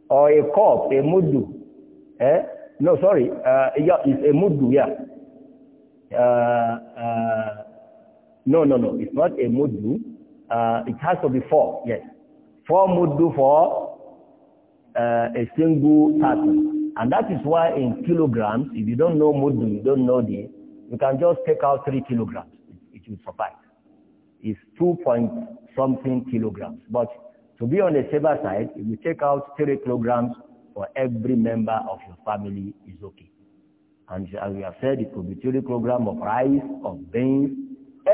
or a cup, a mudu. Eh? No, sorry. Uh, yeah, it's a muddu, yeah. Uh, uh, no, no, no. It's not a muddu. Uh, it has to be four, yes. Four muddu for uh, a single person. And that is why in kilograms, if you don't know muddu, you don't know the, you can just take out three kilograms. It, it will suffice. It's two point something kilograms. But to be on the safer side, if you take out three kilograms, Or every member of your family is okay. And as we have said, it could be chili kilogram of rice, of beans,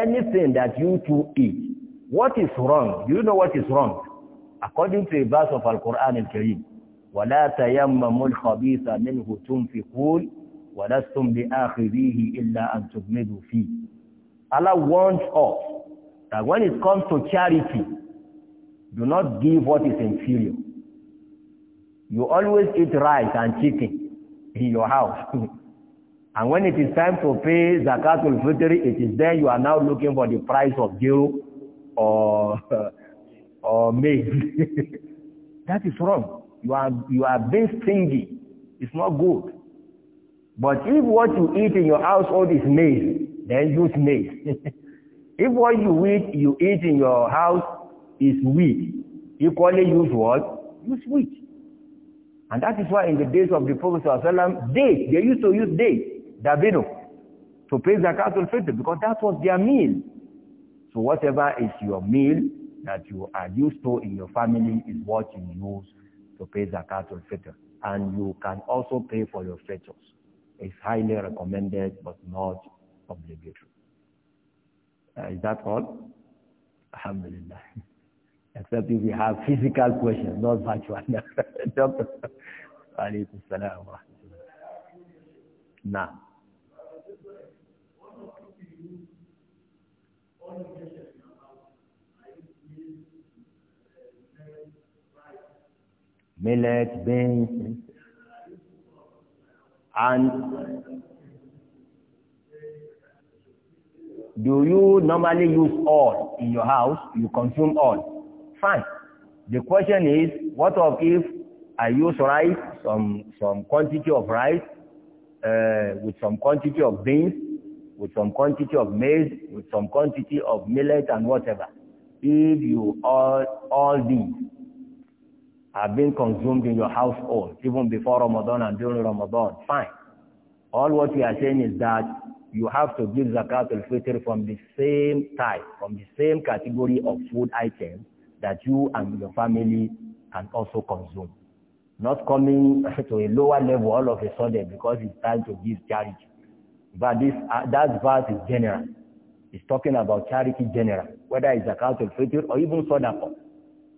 anything that you two eat. What is wrong? Do you know what is wrong? According to a verse of Al-Quran al-Karim, وَلَا تَيَمَّمُوا الْخَبِيثَ مِنْهُ تُنْفِقُونَ وَلَسْتُمْ بِآخِذِيهِ إِلَّا أَنْ تُبْمِدُوا فِيهِ Allah warns us that when it comes to charity, do not give what is inferior. You always eat rice and chicken in your house. [laughs] and when it is time to pay zakat zakatul fitr, it is there you are now looking for the price of zero or [laughs] or maize. [laughs] that is wrong. You are you are being stingy. It's not good. But if what you eat in your household is maize, then use maize. if what you eat you eat in your house is wheat, equally use what? Use wheat. And that is why in the days of the Prophet ﷺ, they used to use date, davino, to pay zakat al-fitr because that was their meal. So whatever is your meal that you are used to in your family is what you use to pay zakat al-fitr. And you can also pay for your fetters. It's highly recommended but not obligatory. Uh, is that all? Alhamdulillah. [laughs] except if you have physical questions, not virtual. Doctor, [laughs] alaykum salam wa Millet, beans, and do you normally use all in your house? You consume all. Fine. The question is, what of if I use rice, some, some quantity of rice, uh, with some quantity of beans, with some quantity of maize, with some quantity of millet and whatever. If you all, all these have been consumed in your household, even before Ramadan and during Ramadan, fine. All what we are saying is that you have to give zakat al-fitr from the same type, from the same category of food items that you and your family can also consume. Not coming [laughs] to a lower level all of a sudden because it's time to give charity. But this, uh, that verse is general. It's talking about charity general, whether it's account of fitr or even sadaqah.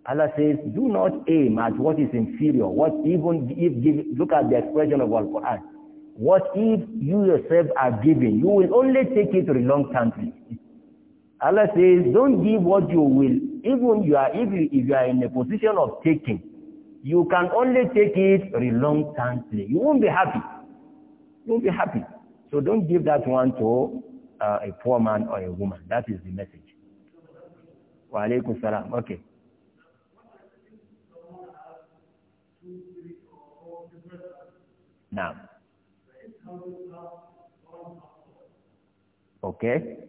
Allah says, do not aim at what is inferior, what even if, give, look at the expression of Al-Quran. What if you yourself are giving, you will only take it to the long country. Allah says, don't give what you will even you are, if you, if you are in a position of taking, you can only take it reluctantly. You won't be happy. You won't be happy. So don't give that one to uh, a poor man or a woman. That is the message. Wa alaikum salam. Okay. Now. Okay.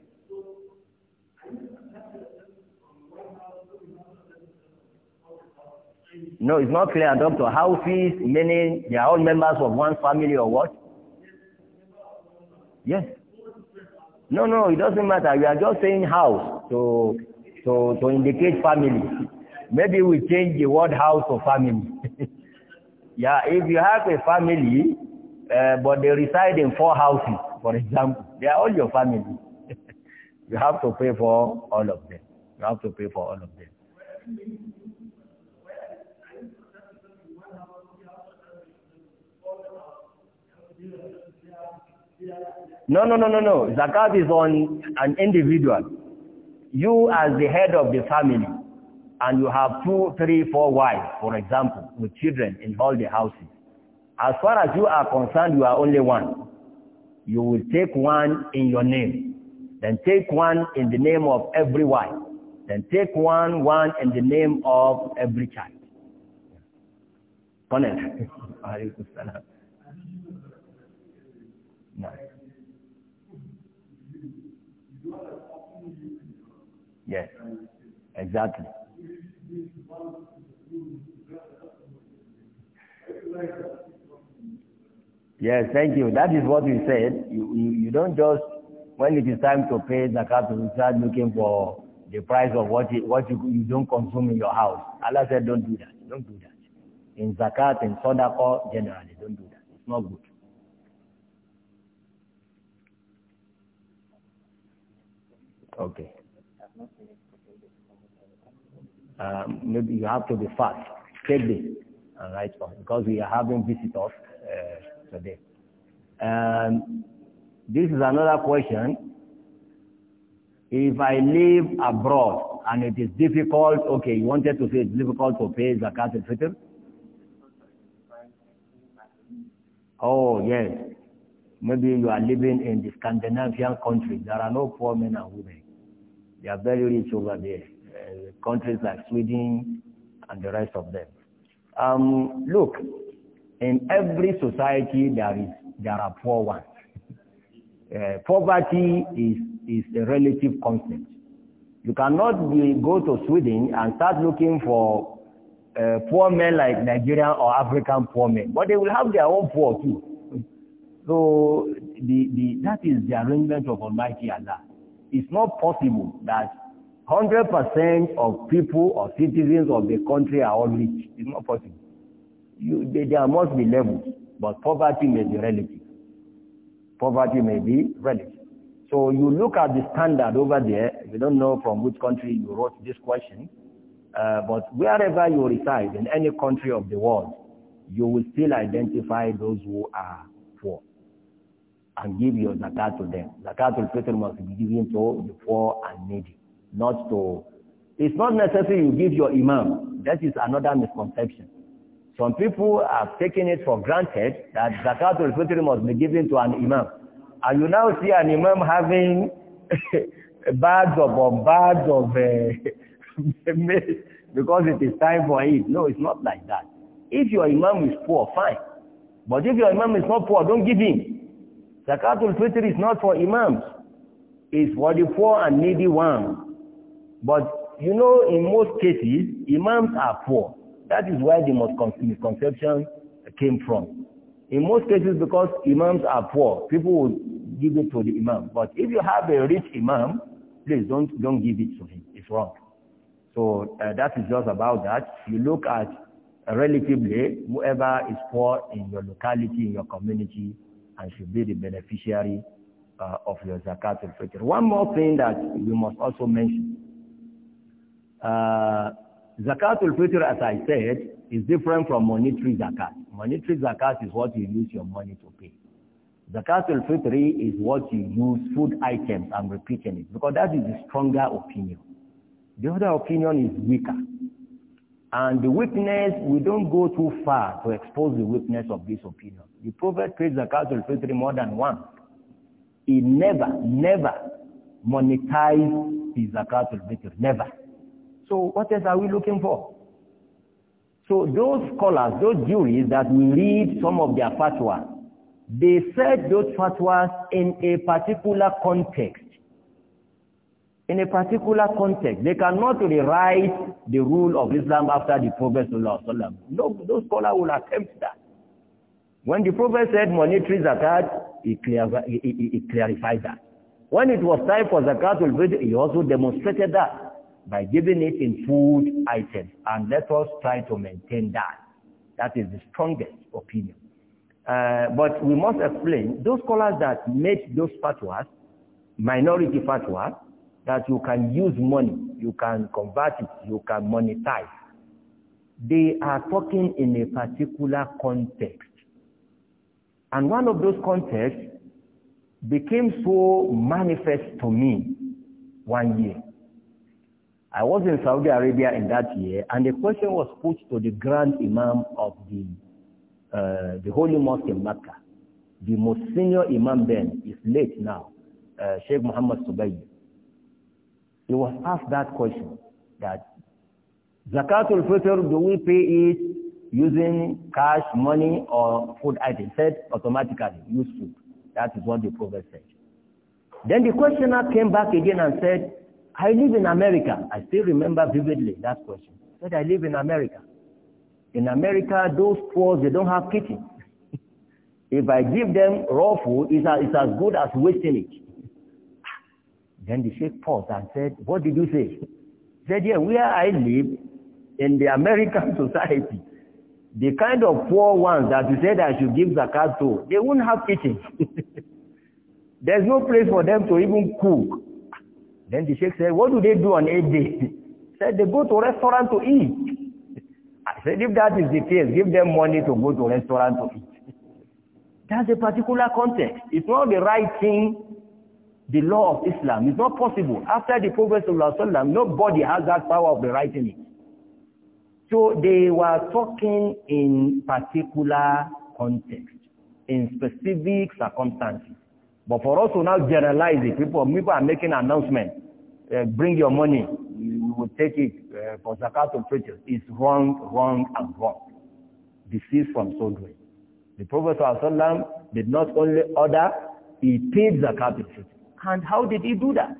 No, it's not clear, doctor. How fees meaning they are all members of one family or what? Yes. No, no, it doesn't matter. We are just saying house to to to indicate family. Maybe we change the word house to family. [laughs] yeah, if you have a family, uh, but they reside in four houses, for example, they are all your family. [laughs] you have to pay for all of them. You have to pay for all of them. No, no, no, no, no. Zakat is on an individual. You as the head of the family, and you have two, three, four wives, for example, with children in all the houses. As far as you are concerned, you are only one. You will take one in your name. Then take one in the name of every wife. Then take one, one in the name of every child. Connect. [laughs] no. Yes, exactly. Yes, thank you. That is what we said. You, you, you don't just, when it is time to pay zakat, you start looking for the price of what you, what you, you don't consume in your house. Allah said, don't do that. Don't do that. In zakat, in sadaqah, generally, don't do that. It's not good. Okay um, maybe you have to be fast. steady, this and right because we are having visitors uh, today. Um, this is another question. If I live abroad and it is difficult, okay, you wanted to say it's difficult to pay zakat al fitr? Oh, yes. Maybe you are living in the Scandinavian country. There are no poor men and women. They are very rich over there countries like Sweden and the rest of them. Um, look, in every society there is there are poor ones. [laughs] Uh, poverty is is a relative concept. You cannot be, go to Sweden and start looking for uh, poor men like Nigerian or African poor men, but they will have their own poor too. [laughs] So the, the, that is the arrangement of Almighty Allah. It's not possible that 100% of people or citizens of the country are all rich. It's not possible. You, there must be levels, but poverty may be relative. Poverty may be relative. So you look at the standard over there. We don't know from which country you wrote this question, uh, but wherever you reside in any country of the world, you will still identify those who are poor and give your zakat to them. Zakat al-fitr must be given to the poor and needy not to. It's not necessary you give your imam. That is another misconception. Some people have taken it for granted that zakatul fitr must be given to an imam. And you now see an imam having [laughs] bags of or bags of uh, [laughs] because it is time for it. No, it's not like that. If your imam is poor, fine. But if your imam is not poor, don't give him. Zakatul fitr is not for imams. It's for the poor and needy ones. But you know, in most cases, imams are poor. That is where the misconception came from. In most cases, because imams are poor, people will give it to the imam. But if you have a rich imam, please don't don't give it to him. It's wrong. So uh, that is just about that. You look at uh, relatively whoever is poor in your locality, in your community, and should be the beneficiary uh, of your zakat al-fitr. One more thing that we must also mention uh, zakatul fitr, as I said, is different from monetary zakat. Monetary zakat is what you use your money to pay. Zakatul fitr is what you use food items. I'm repeating it because that is the stronger opinion. The other opinion is weaker. And the weakness, we don't go too far to expose the weakness of this opinion. The Prophet paid zakatul fitr more than once. He never, never monetized his zakatul fitr. Never. So what else are we looking for? So those scholars, those juries that we read some of their fatwas, they said those fatwas in a particular context. In a particular context, they cannot rewrite the rule of Islam after the Prophet Sallallahu No, those scholars will attempt that. When the Prophet said monetary zakat, he, clar he, he, he clarified that. When it was time for zakatul fitr, he also demonstrated that. by giving it in food items. And let us try to maintain that. That is the strongest opinion. Uh, but we must explain, those scholars that made those fatwas, minority fatwas, that you can use money, you can convert it, you can monetize. They are talking in a particular context. And one of those contexts became so manifest to me one year. I was in Saudi Arabia in that year, and the question was put to the Grand Imam of the uh, the Holy Mosque in Mecca. The most senior Imam then is late now, uh, Sheikh Muhammad Subayy. He was asked that question that Zakatul Fitr, do we pay it using cash, money, or food items? Said automatically, use food. That is what the Prophet said. Then the questioner came back again and said, I live in America. I still remember vividly that question. Said I live in America. In America, those poor, they don't have kitchen. [laughs] if I give them raw food, it's, a, it's as good as wasting it. [laughs] then the sheikh paused and said, what did you say? He said, yeah, where I live, in the American [laughs] society, the kind of poor ones that you said I should give zakat to, they won't have kitchen. There's no place for them to even cook. Then the sheikh said, what do they do on a day? said, they go to restaurant to eat. I said, if that is the case, give them money to go to restaurant to eat. That's a particular context. It's not the right thing, the law of Islam. It's not possible. After the Prophet Sallallahu nobody has that power of the right in it. So they were talking in particular context, in specific circumstances. But for us to now generalize it, people, people are making announcement, uh, bring your money, we will take it uh, for zakat or fitr. It's wrong, wrong, and wrong. Deceased from so doing. The Prophet ﷺ did not only order, he paid zakat al-fitr. And how did he do that?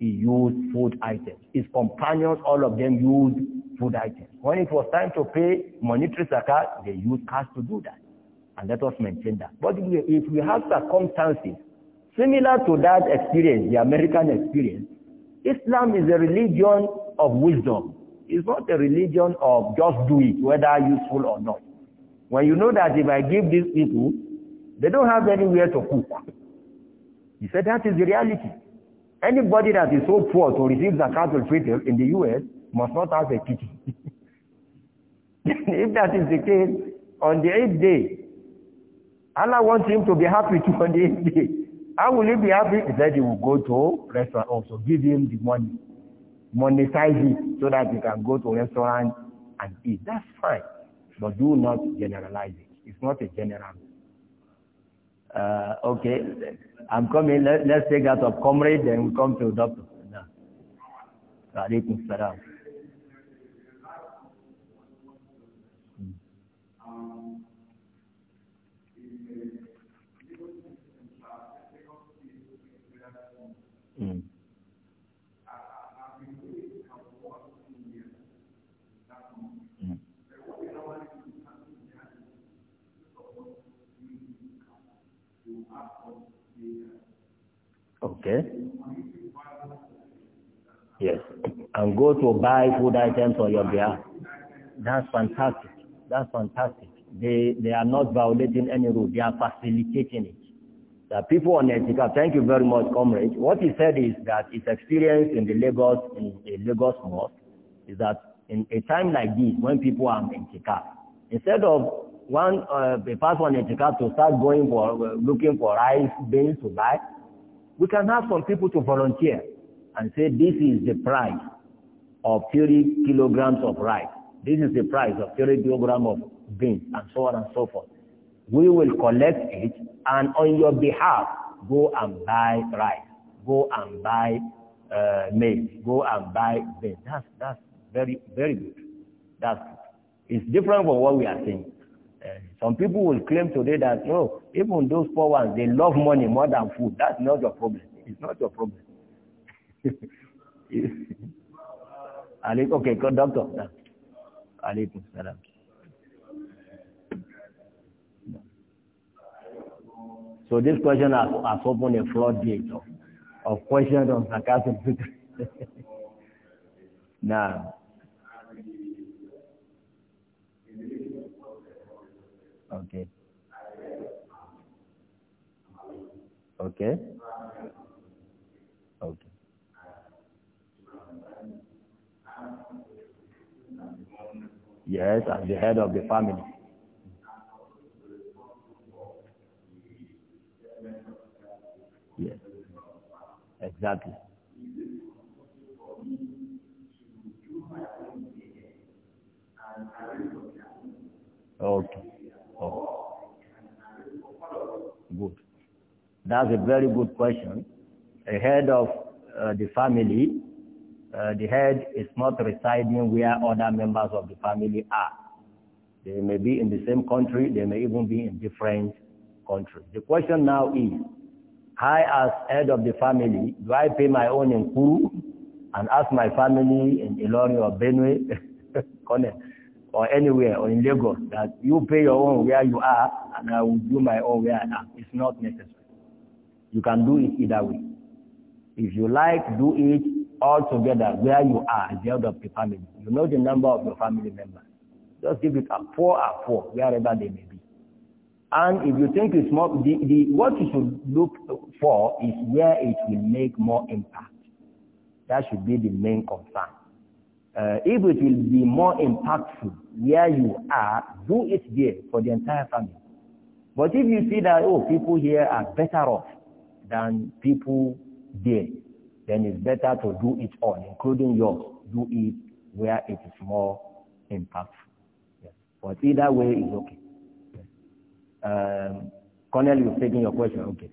He used food items. His companions, all of them used food items. When it was time to pay monetary zakat, they used cash to do that. And let us maintain that. But if we have circumstances Similar to that experience, the American experience, Islam is a religion of wisdom. It's not a religion of just do it, whether useful or not. When you know that if I give these people, they don't have anywhere to cook. He said that is the reality. Anybody that is so poor to receive the al-fitr in the U.S. must not have a kitchen. [laughs] if that is the case, on the eighth day, Allah wants him to be happy too on the eighth day. How will he be happy? He said he will go to restaurant also. Give him the money. Monetize it so that he can go to restaurant and eat. That's fine. But do not generalize it. It's not a general. Uh, okay. I'm coming. Let, us take that up. Comrade, then we come to doctor. No. Mm. Okay. Yes. And go to buy food items on your behalf. That's fantastic. That's fantastic. They they are not violating any rule. They are facilitating it. The uh, people on Etika, thank you very much, comrade. What he said is that his experience in the Lagos, in a Lagos mosque, is that in a time like this, when people are in Etika, instead of one uh, the first in Etika to start going for uh, looking for rice beans to buy, we can ask some people to volunteer and say this is the price of 30 kilograms of rice. This is the price of 30 kilograms of beans and so on and so forth. We will collect it and on your behalf, go and buy rice, go and buy uh, maize, go and buy beans. That's, that's very, very good. That's, it's different from what we are saying. Uh, some people will claim today that, no, even those poor ones, they love money more than food. That's not your problem. It's not your problem. [laughs] Ali, okay, doctor. Ali, salam. So this question has, has opened a floodgate of, of questions on sarcasm. [laughs] now, okay. Okay. Okay. Yes, as the head of the family. Exactly. Okay. Oh. Good. That's a very good question. A head of uh, the family, uh, the head is not residing where other members of the family are. They may be in the same country, they may even be in different countries. The question now is, I, as head of the family, do I pay my own in Kuru and ask my family in Ilori or Benue, [laughs] or anywhere, or in Lagos, that you pay your own where you are, and I will do my own where I am. It's not necessary. You can do it either way. If you like, do it all together where you are as the head of the family. You know the number of your family members. Just give it a four or four, wherever they may be. And if you think it's more, the, the, what you should look for is where it will make more impact. That should be the main concern. Uh, if it will be more impactful where you are, do it there for the entire family. But if you see that, oh, people here are better off than people there, then it's better to do it all, including yours. Do it where it is more impactful. Yes. But either way is okay. Um, Cornell, you're taking your question. Okay.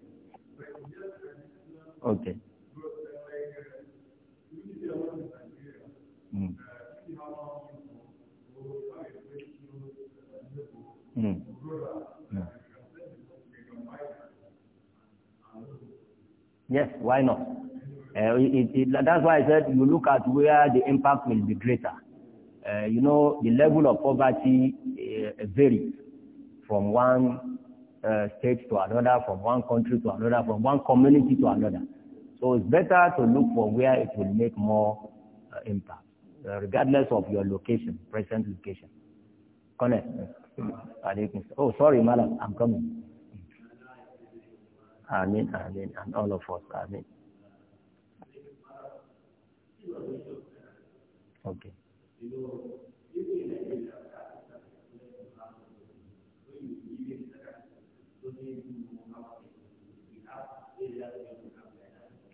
Okay. Mm. Mm. Mm. Yes, why not? Uh, it, it, that's why I said you look at where the impact will be greater. Uh, you know, the level of poverty uh, varies. from one uh, state to another, from one country to another, from one community to another. So it's better to look for where it will make more uh, impact, uh, regardless of your location, present location. Connect. Oh, sorry, madam, I'm coming. I mean, I mean, and all of us, mean. Okay.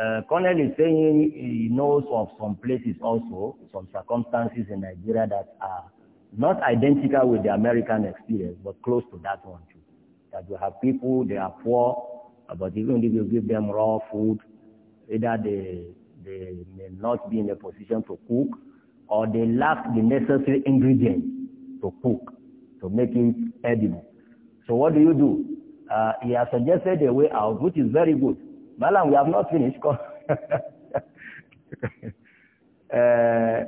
Uh, Cornell is saying he knows of some places also, some circumstances in Nigeria that are not identical with the American experience, but close to that one too. That you have people, they are poor, uh, but even if you give them raw food, either they, they may not be in a position to cook, or they lack the necessary ingredients to cook, to make it edible. So what do you do? Uh, he has suggested a way out, which is very good. Malam, we have not finished. uh, [laughs]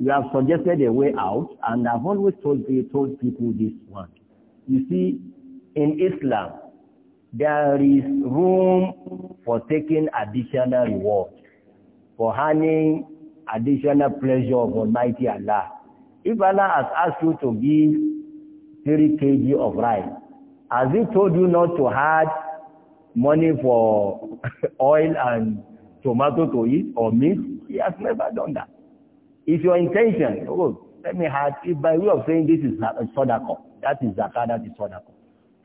we have suggested a way out, and I've always told, told people this one. You see, in Islam, there is room for taking additional reward, for earning additional pleasure of Almighty Allah. If Allah has asked you to give 3 kg of rice, has He told you not to add money for [laughs] oil and tomato to eat or meat, he has never done that. If your intention, oh, let me have, if by way of saying this is a sadaqa, that is zakah, that is sadaqa.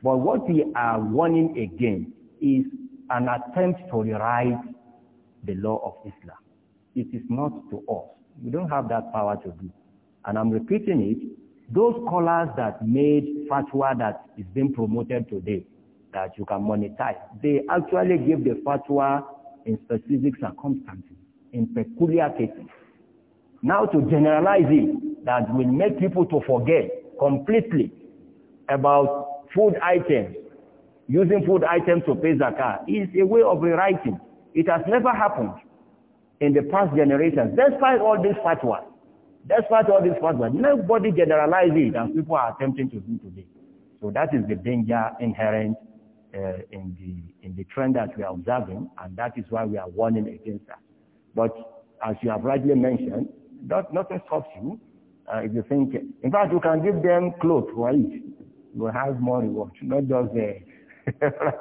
But what we are warning against is an attempt to rewrite the law of Islam. It is not to us. We don't have that power to do. And I'm repeating it, those scholars that made fatwa that is being promoted today, that you can monetize. They actually give the fatwa in specific circumstances, in peculiar cases. Now to generalize it, that will make people to forget completely about food items, using food items to pay zakat, is a way of rewriting. It has never happened in the past generations, despite all these fatwas. Despite all these fatwas, nobody generalizes it as people are attempting to do today. So that is the danger inherent uh, in the in the trend that we are observing, and that is why we are warning against that. But as you have rightly mentioned, not, nothing stops you uh, if you think. In fact, you can give them clothes for it. You have more reward, not just uh, [laughs]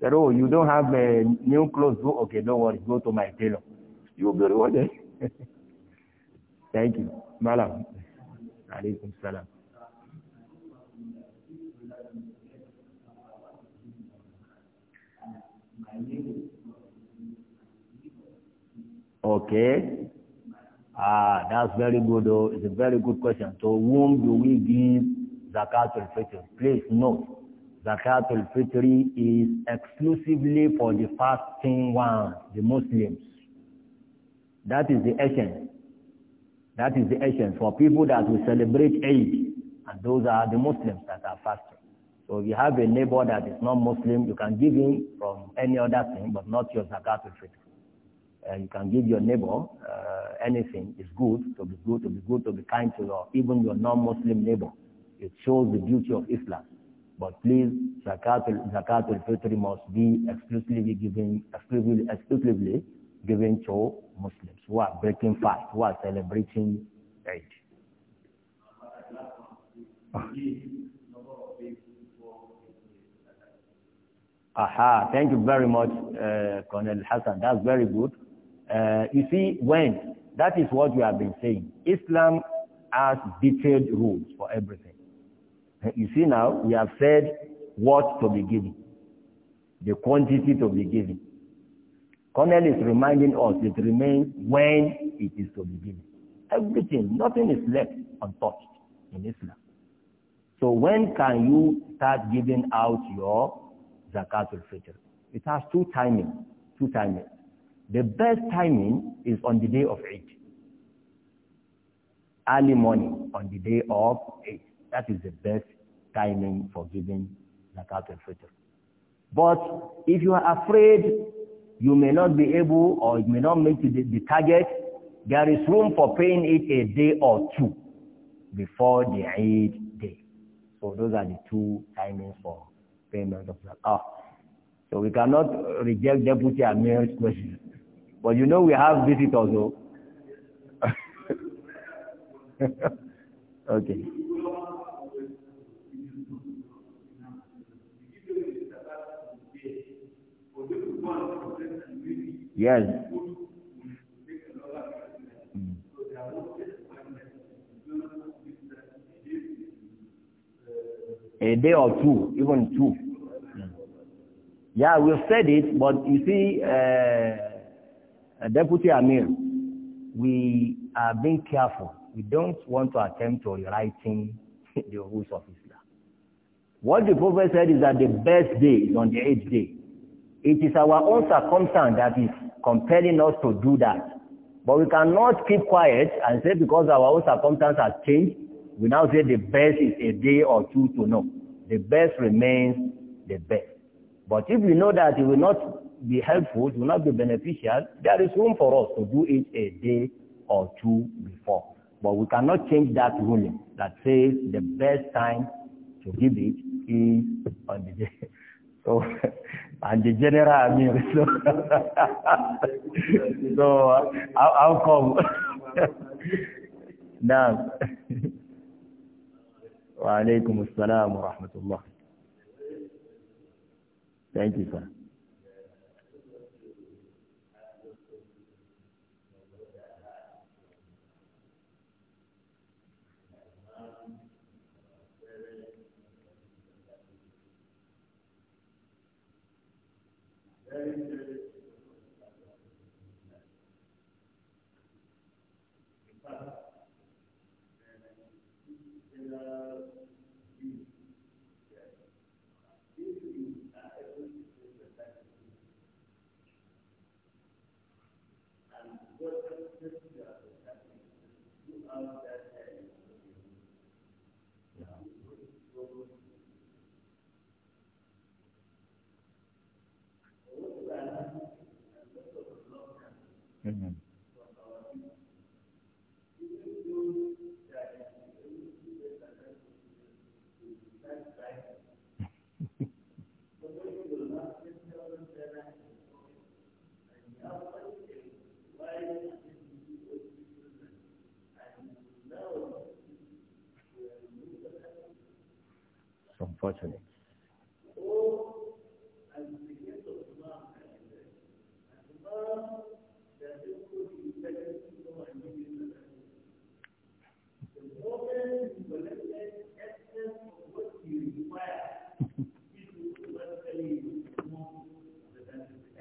that. Oh, you don't have a uh, new clothes. Oh, okay, don't worry. Go to my tailor. You will be rewarded. [laughs] Thank you, madam. Alaikum salam. Okay. Ah, that's very good. Oh, it's a very good question. So, whom do we give zakatul fitr? Please note, zakatul fitr is exclusively for the fasting ones, the Muslims. That is the essence. That is the essence for people that will celebrate Eid, and those are the Muslims that are fasting. So if you have a neighbor that is not Muslim, you can give him from any other thing, but not your zakat al fitr. Uh, you can give your neighbor uh, anything. It's good to be good, to be good, to be kind to your even your non-Muslim neighbor. It shows the beauty of Islam. But please, zakat zakat al fitr must be exclusively given, exclusively, exclusively given to Muslims who are breaking fast, who are celebrating Eid. Ah. Aha, thank you very much, uh, Colonel Hassan. That's very good. Uh, you see, when, that is what we have been saying. Islam has detailed rules for everything. You see now, we have said what to be given, the quantity to be given. Colonel is reminding us it remains when it is to be given. Everything, nothing is left untouched in Islam. So when can you start giving out your Zakatul Fitr. It has two timing, two timing. The best timing is on the day of Eid. Early morning on the day of Eid. That is the best timing for giving Zakatul Fitr. But if you are afraid you may not be able or it may not make the, the target, there is room for paying it a day or two before the Eid day. So those are the two timings for payment of zakah. So we cannot reject deputy Amir's question. But you know we have visitors though. Oh. [laughs] okay. Yes. a day or two, even two. Yeah, we've said it, but you see, uh, Deputy Amir, we are being careful. We don't want to attempt to rewriting [laughs] the rules of Islam. What the Prophet said is that the best day is on the eighth day. It is our own circumstance that is compelling us to do that. But we cannot keep quiet and say because our own circumstances have changed, We now say the best is a day or two to know. The best remains the best. But if we know that it will not be helpful, it will not be beneficial, there is room for us to do it a day or two before. But we cannot change that ruling that says the best time to give it is on the day. [laughs] So, [laughs] and the general, I mean, so, so how, how come? [laughs] now, وعليكم السلام ورحمة الله Thank you, sir. Thank you. unfortunate.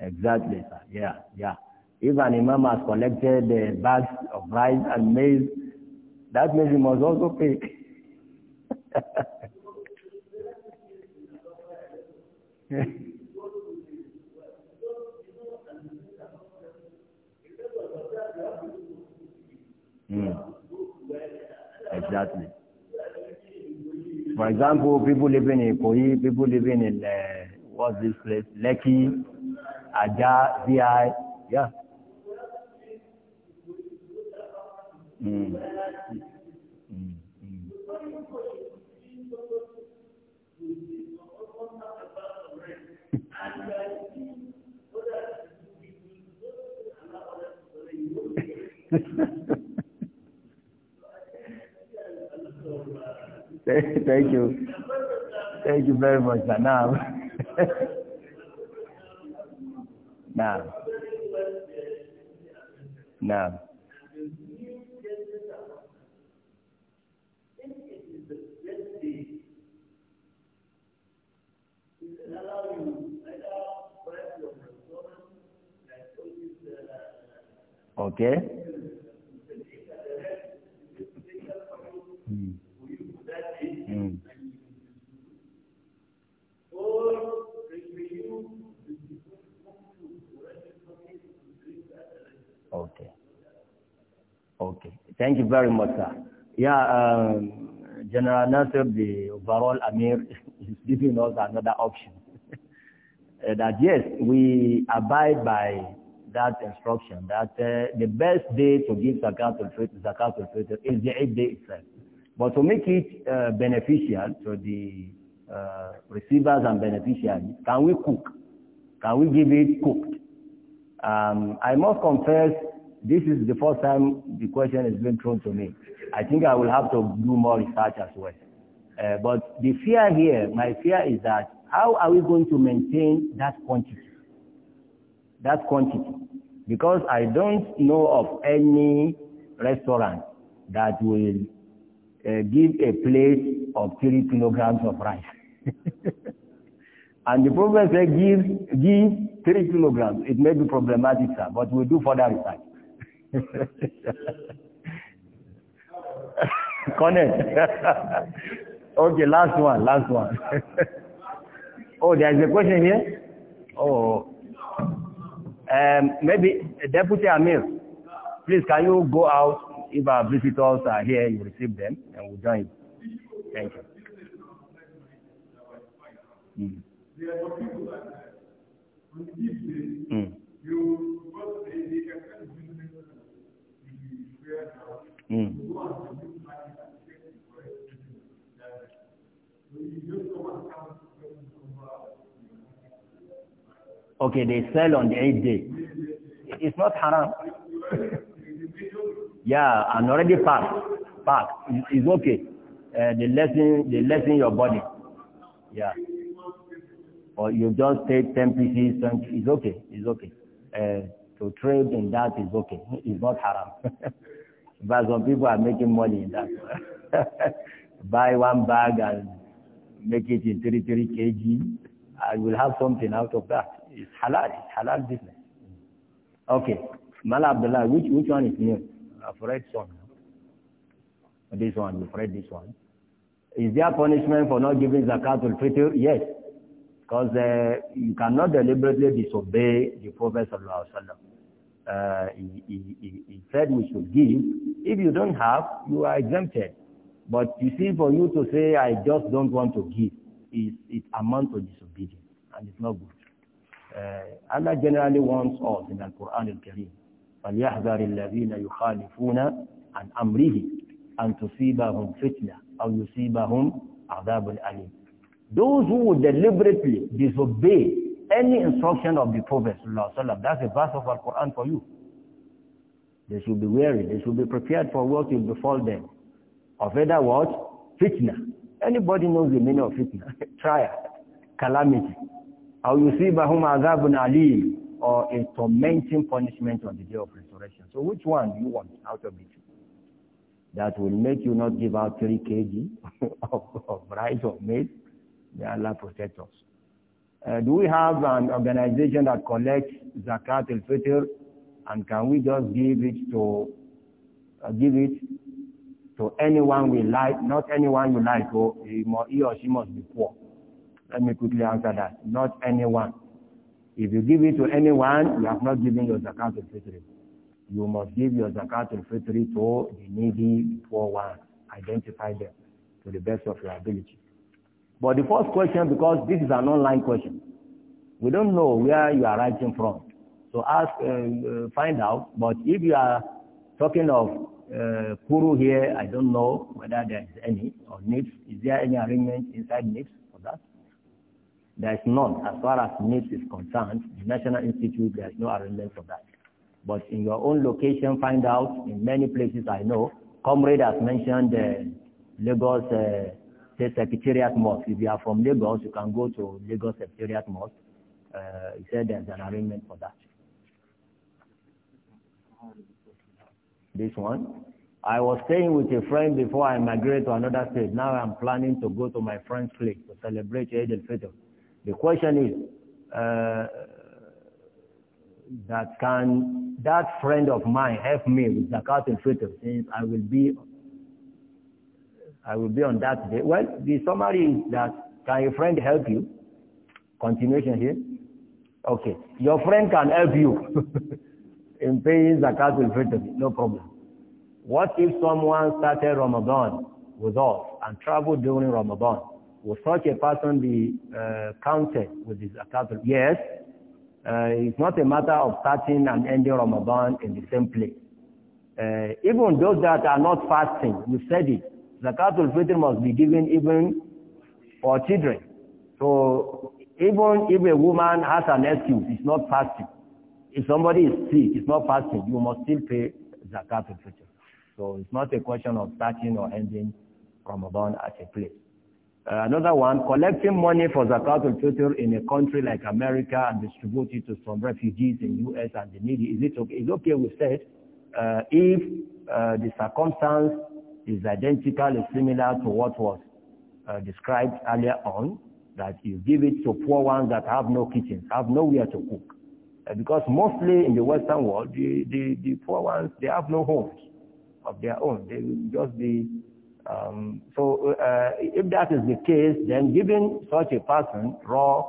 Exactly, sir. Yeah, yeah. If an imam has collected the bags of rice and maize, that means he must also pay. example, people living in Koyi, people living in, uh, what's this place, Lekki, Ajah, VI, yeah. very much that now [laughs] very much, sir. Yeah, um, General Nasser, the overall Amir, is giving us another option. [laughs] Uh, that yes, we abide by that instruction that uh, the best day to give zakat al-fitr, zakat al-fitr is the eighth day itself. But to make it uh, beneficial to the uh, receivers and beneficiaries, can we cook? Can we give it cooked? Um, I must confess this is the first time the question has been thrown to me. I think I will have to do more research as well. Uh, but the fear here, my fear is that how are we going to maintain that quantity? That quantity. Because I don't know of any restaurant that will uh, give a plate of three kilograms of rice. [laughs] and the problem is, give, give three kilograms. It may be problematic, sir, but we'll do further research. connect okay last one last one oh there is a question here oh um, maybe uh, deputy Amir please can you go out if our visitors are here you receive them and we'll join you thank you mm. Mm. Mm. Okay, they sell on the eighth day. It's not haram. [laughs] yeah, I'm already packed. Packed. It's okay. Uh, they lessen they lessen your body. Yeah. Or you just take ten pieces. It's okay. It's okay. Uh, to trade in that is okay. It's not haram. [laughs] But some people are making money in that. [laughs] Buy one bag and make it in 33 kg. I will have something out of that. It's halal. It's halal business. Okay. Mala Abdullah, which, which one is new? I've read some. This one, you have read this one. Is there punishment for not giving zakat al fitr? Yes. Because uh, you cannot deliberately disobey the Prophet sallallahu alaihi wasallam uh, he, he, he said we should give. If you don't have, you are exempted. But you see, for you to say, I just don't want to give, is it amounts to disobedience, and it's not good. Uh, Allah generally wants us in the Quran al-Karim, فَلْيَحْذَرِ الَّذِينَ يُخَالِفُونَ عَنْ أَمْرِهِ أَنْ تُصِيبَهُمْ فِتْنَةً أَوْ يُصِيبَهُمْ عَذَابٌ أَلِيمٌ Those who deliberately disobey any instruction of the Prophet that's a verse of Al-Quran for you. They should be wary. They should be prepared for what will befall them. Of either what? Fitna. Anybody knows the meaning of fitna. [laughs] Trial. Calamity. Or you see Bahum Azabun Ali or a tormenting punishment on the day of resurrection. So which one do you want out of it? That will make you not give out 3 kg [laughs] of, of rice or meat. May Allah protect us. Uh, do we have an organization that collects zakat al-fitr and can we just give it to uh, give it to anyone we like not anyone you like or oh, he, he or she must be poor let me quickly answer that not anyone if you give it to anyone you have not given your zakat al-fitr you must give your zakat al-fitr to the needy the poor ones identify them to the best of your ability but the first question, because this is an online question, we don't know where you are writing from. So ask, uh, uh find out. But if you are talking of uh, Kuru here, I don't know whether there is any, or NIPS. Is there any arrangement inside NIPS for that? There is none. As far as NIPS is concerned, the National Institute, there is no arrangement for that. But in your own location, find out. In many places I know, Comrade has mentioned uh, Lagos uh, the Secretariat Mosque. If you are from Lagos, you can go to Lagos Secretariat Mosque. Uh, he said there's an arrangement for that. This one. I was staying with a friend before I migrated to another state. Now I'm planning to go to my friend's place to celebrate Eid al-Fitr. The question is, uh, that can that friend of mine help me with Zakat al-Fitr since I will be I will be on that day. Well, the summary is that can your friend help you? Continuation here. Okay. Your friend can help you [laughs] in paying zakat al fitr, no problem. What if someone started Ramadan with us and traveled during Ramadan? Will such a person be uh, counted with his zakat? Yes. Uh, it's not a matter of starting and ending Ramadan in the same place. Uh, even those that are not fasting, You said it, Zakatul Fitr must be given even for children. So even if a woman has an excuse, it's not fasting. If somebody is sick, it's not fasting. You must still pay Zakatul Fitr. So it's not a question of starting or ending Ramadan at a place. Uh, another one, collecting money for Zakatul Fitr in a country like America and distribute it to some refugees in U.S. and the needy. Is it okay? It's okay, we said, uh, if uh, the circumstance is identical, is similar to what was uh, described earlier on, that you give it to poor ones that have no kitchens, have nowhere to cook. Uh, because mostly in the Western world, the, the, the, poor ones, they have no homes of their own. They will just be, um, so uh, if that is the case, then giving such a person raw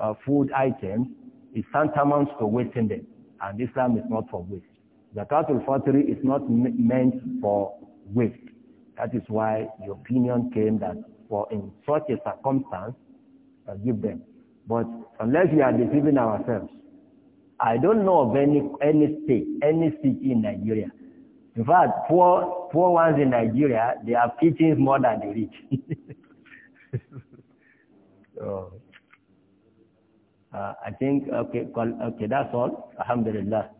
uh, food items is tantamount to wasting them. And Islam is not for waste. The cattle factory is not meant for waste. That is why the opinion came that for in such a circumstance, uh, give them. But unless we are deceiving ourselves, I don't know of any any state, any city in Nigeria. In fact, poor poor ones in Nigeria, they are kitchens more than the rich. [laughs] so, uh, I think okay, okay, that's all. Alhamdulillah.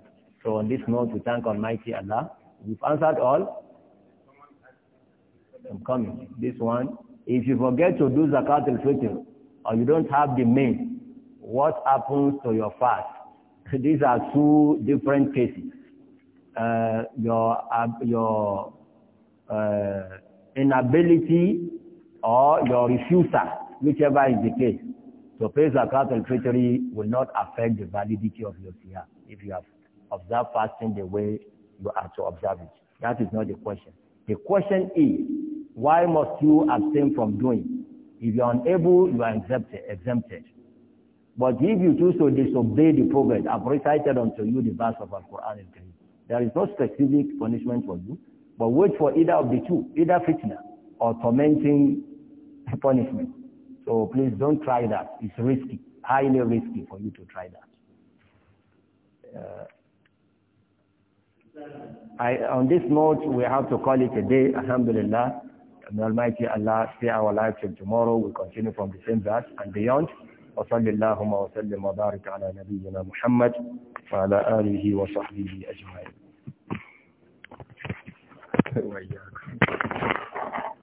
So on this note, we thank Almighty Allah. We've answered all. I'm coming. This one, if you forget to do zakat al-fitr or you don't have the means, what happens to your fast? [laughs] These are two different cases. Uh, your your uh, inability or your refusal, whichever is the case, to pay zakat al-fitr will not affect the validity of your fast if you have observed fasting the way you are to observe it. That is not the question. The question is, why must you abstain from doing? If you are unable, you are exempted. exempted. But if you choose to disobey the prophet, I've recited unto you the verse of Al-Quran is no specific punishment for you, but wait for either of the two, either fitna or tormenting [laughs] punishment. So please don't try that. It's risky, highly risky for you to try that. Uh, I, on this note, we have to call it a day, alhamdulillah. May Almighty Allah stay our lives till tomorrow. we continue from the same verse and beyond. wa sallam. Wa وسلم وبارك على Muḥammad wa وعلى آله wa أجمعين. وإياكم. [laughs]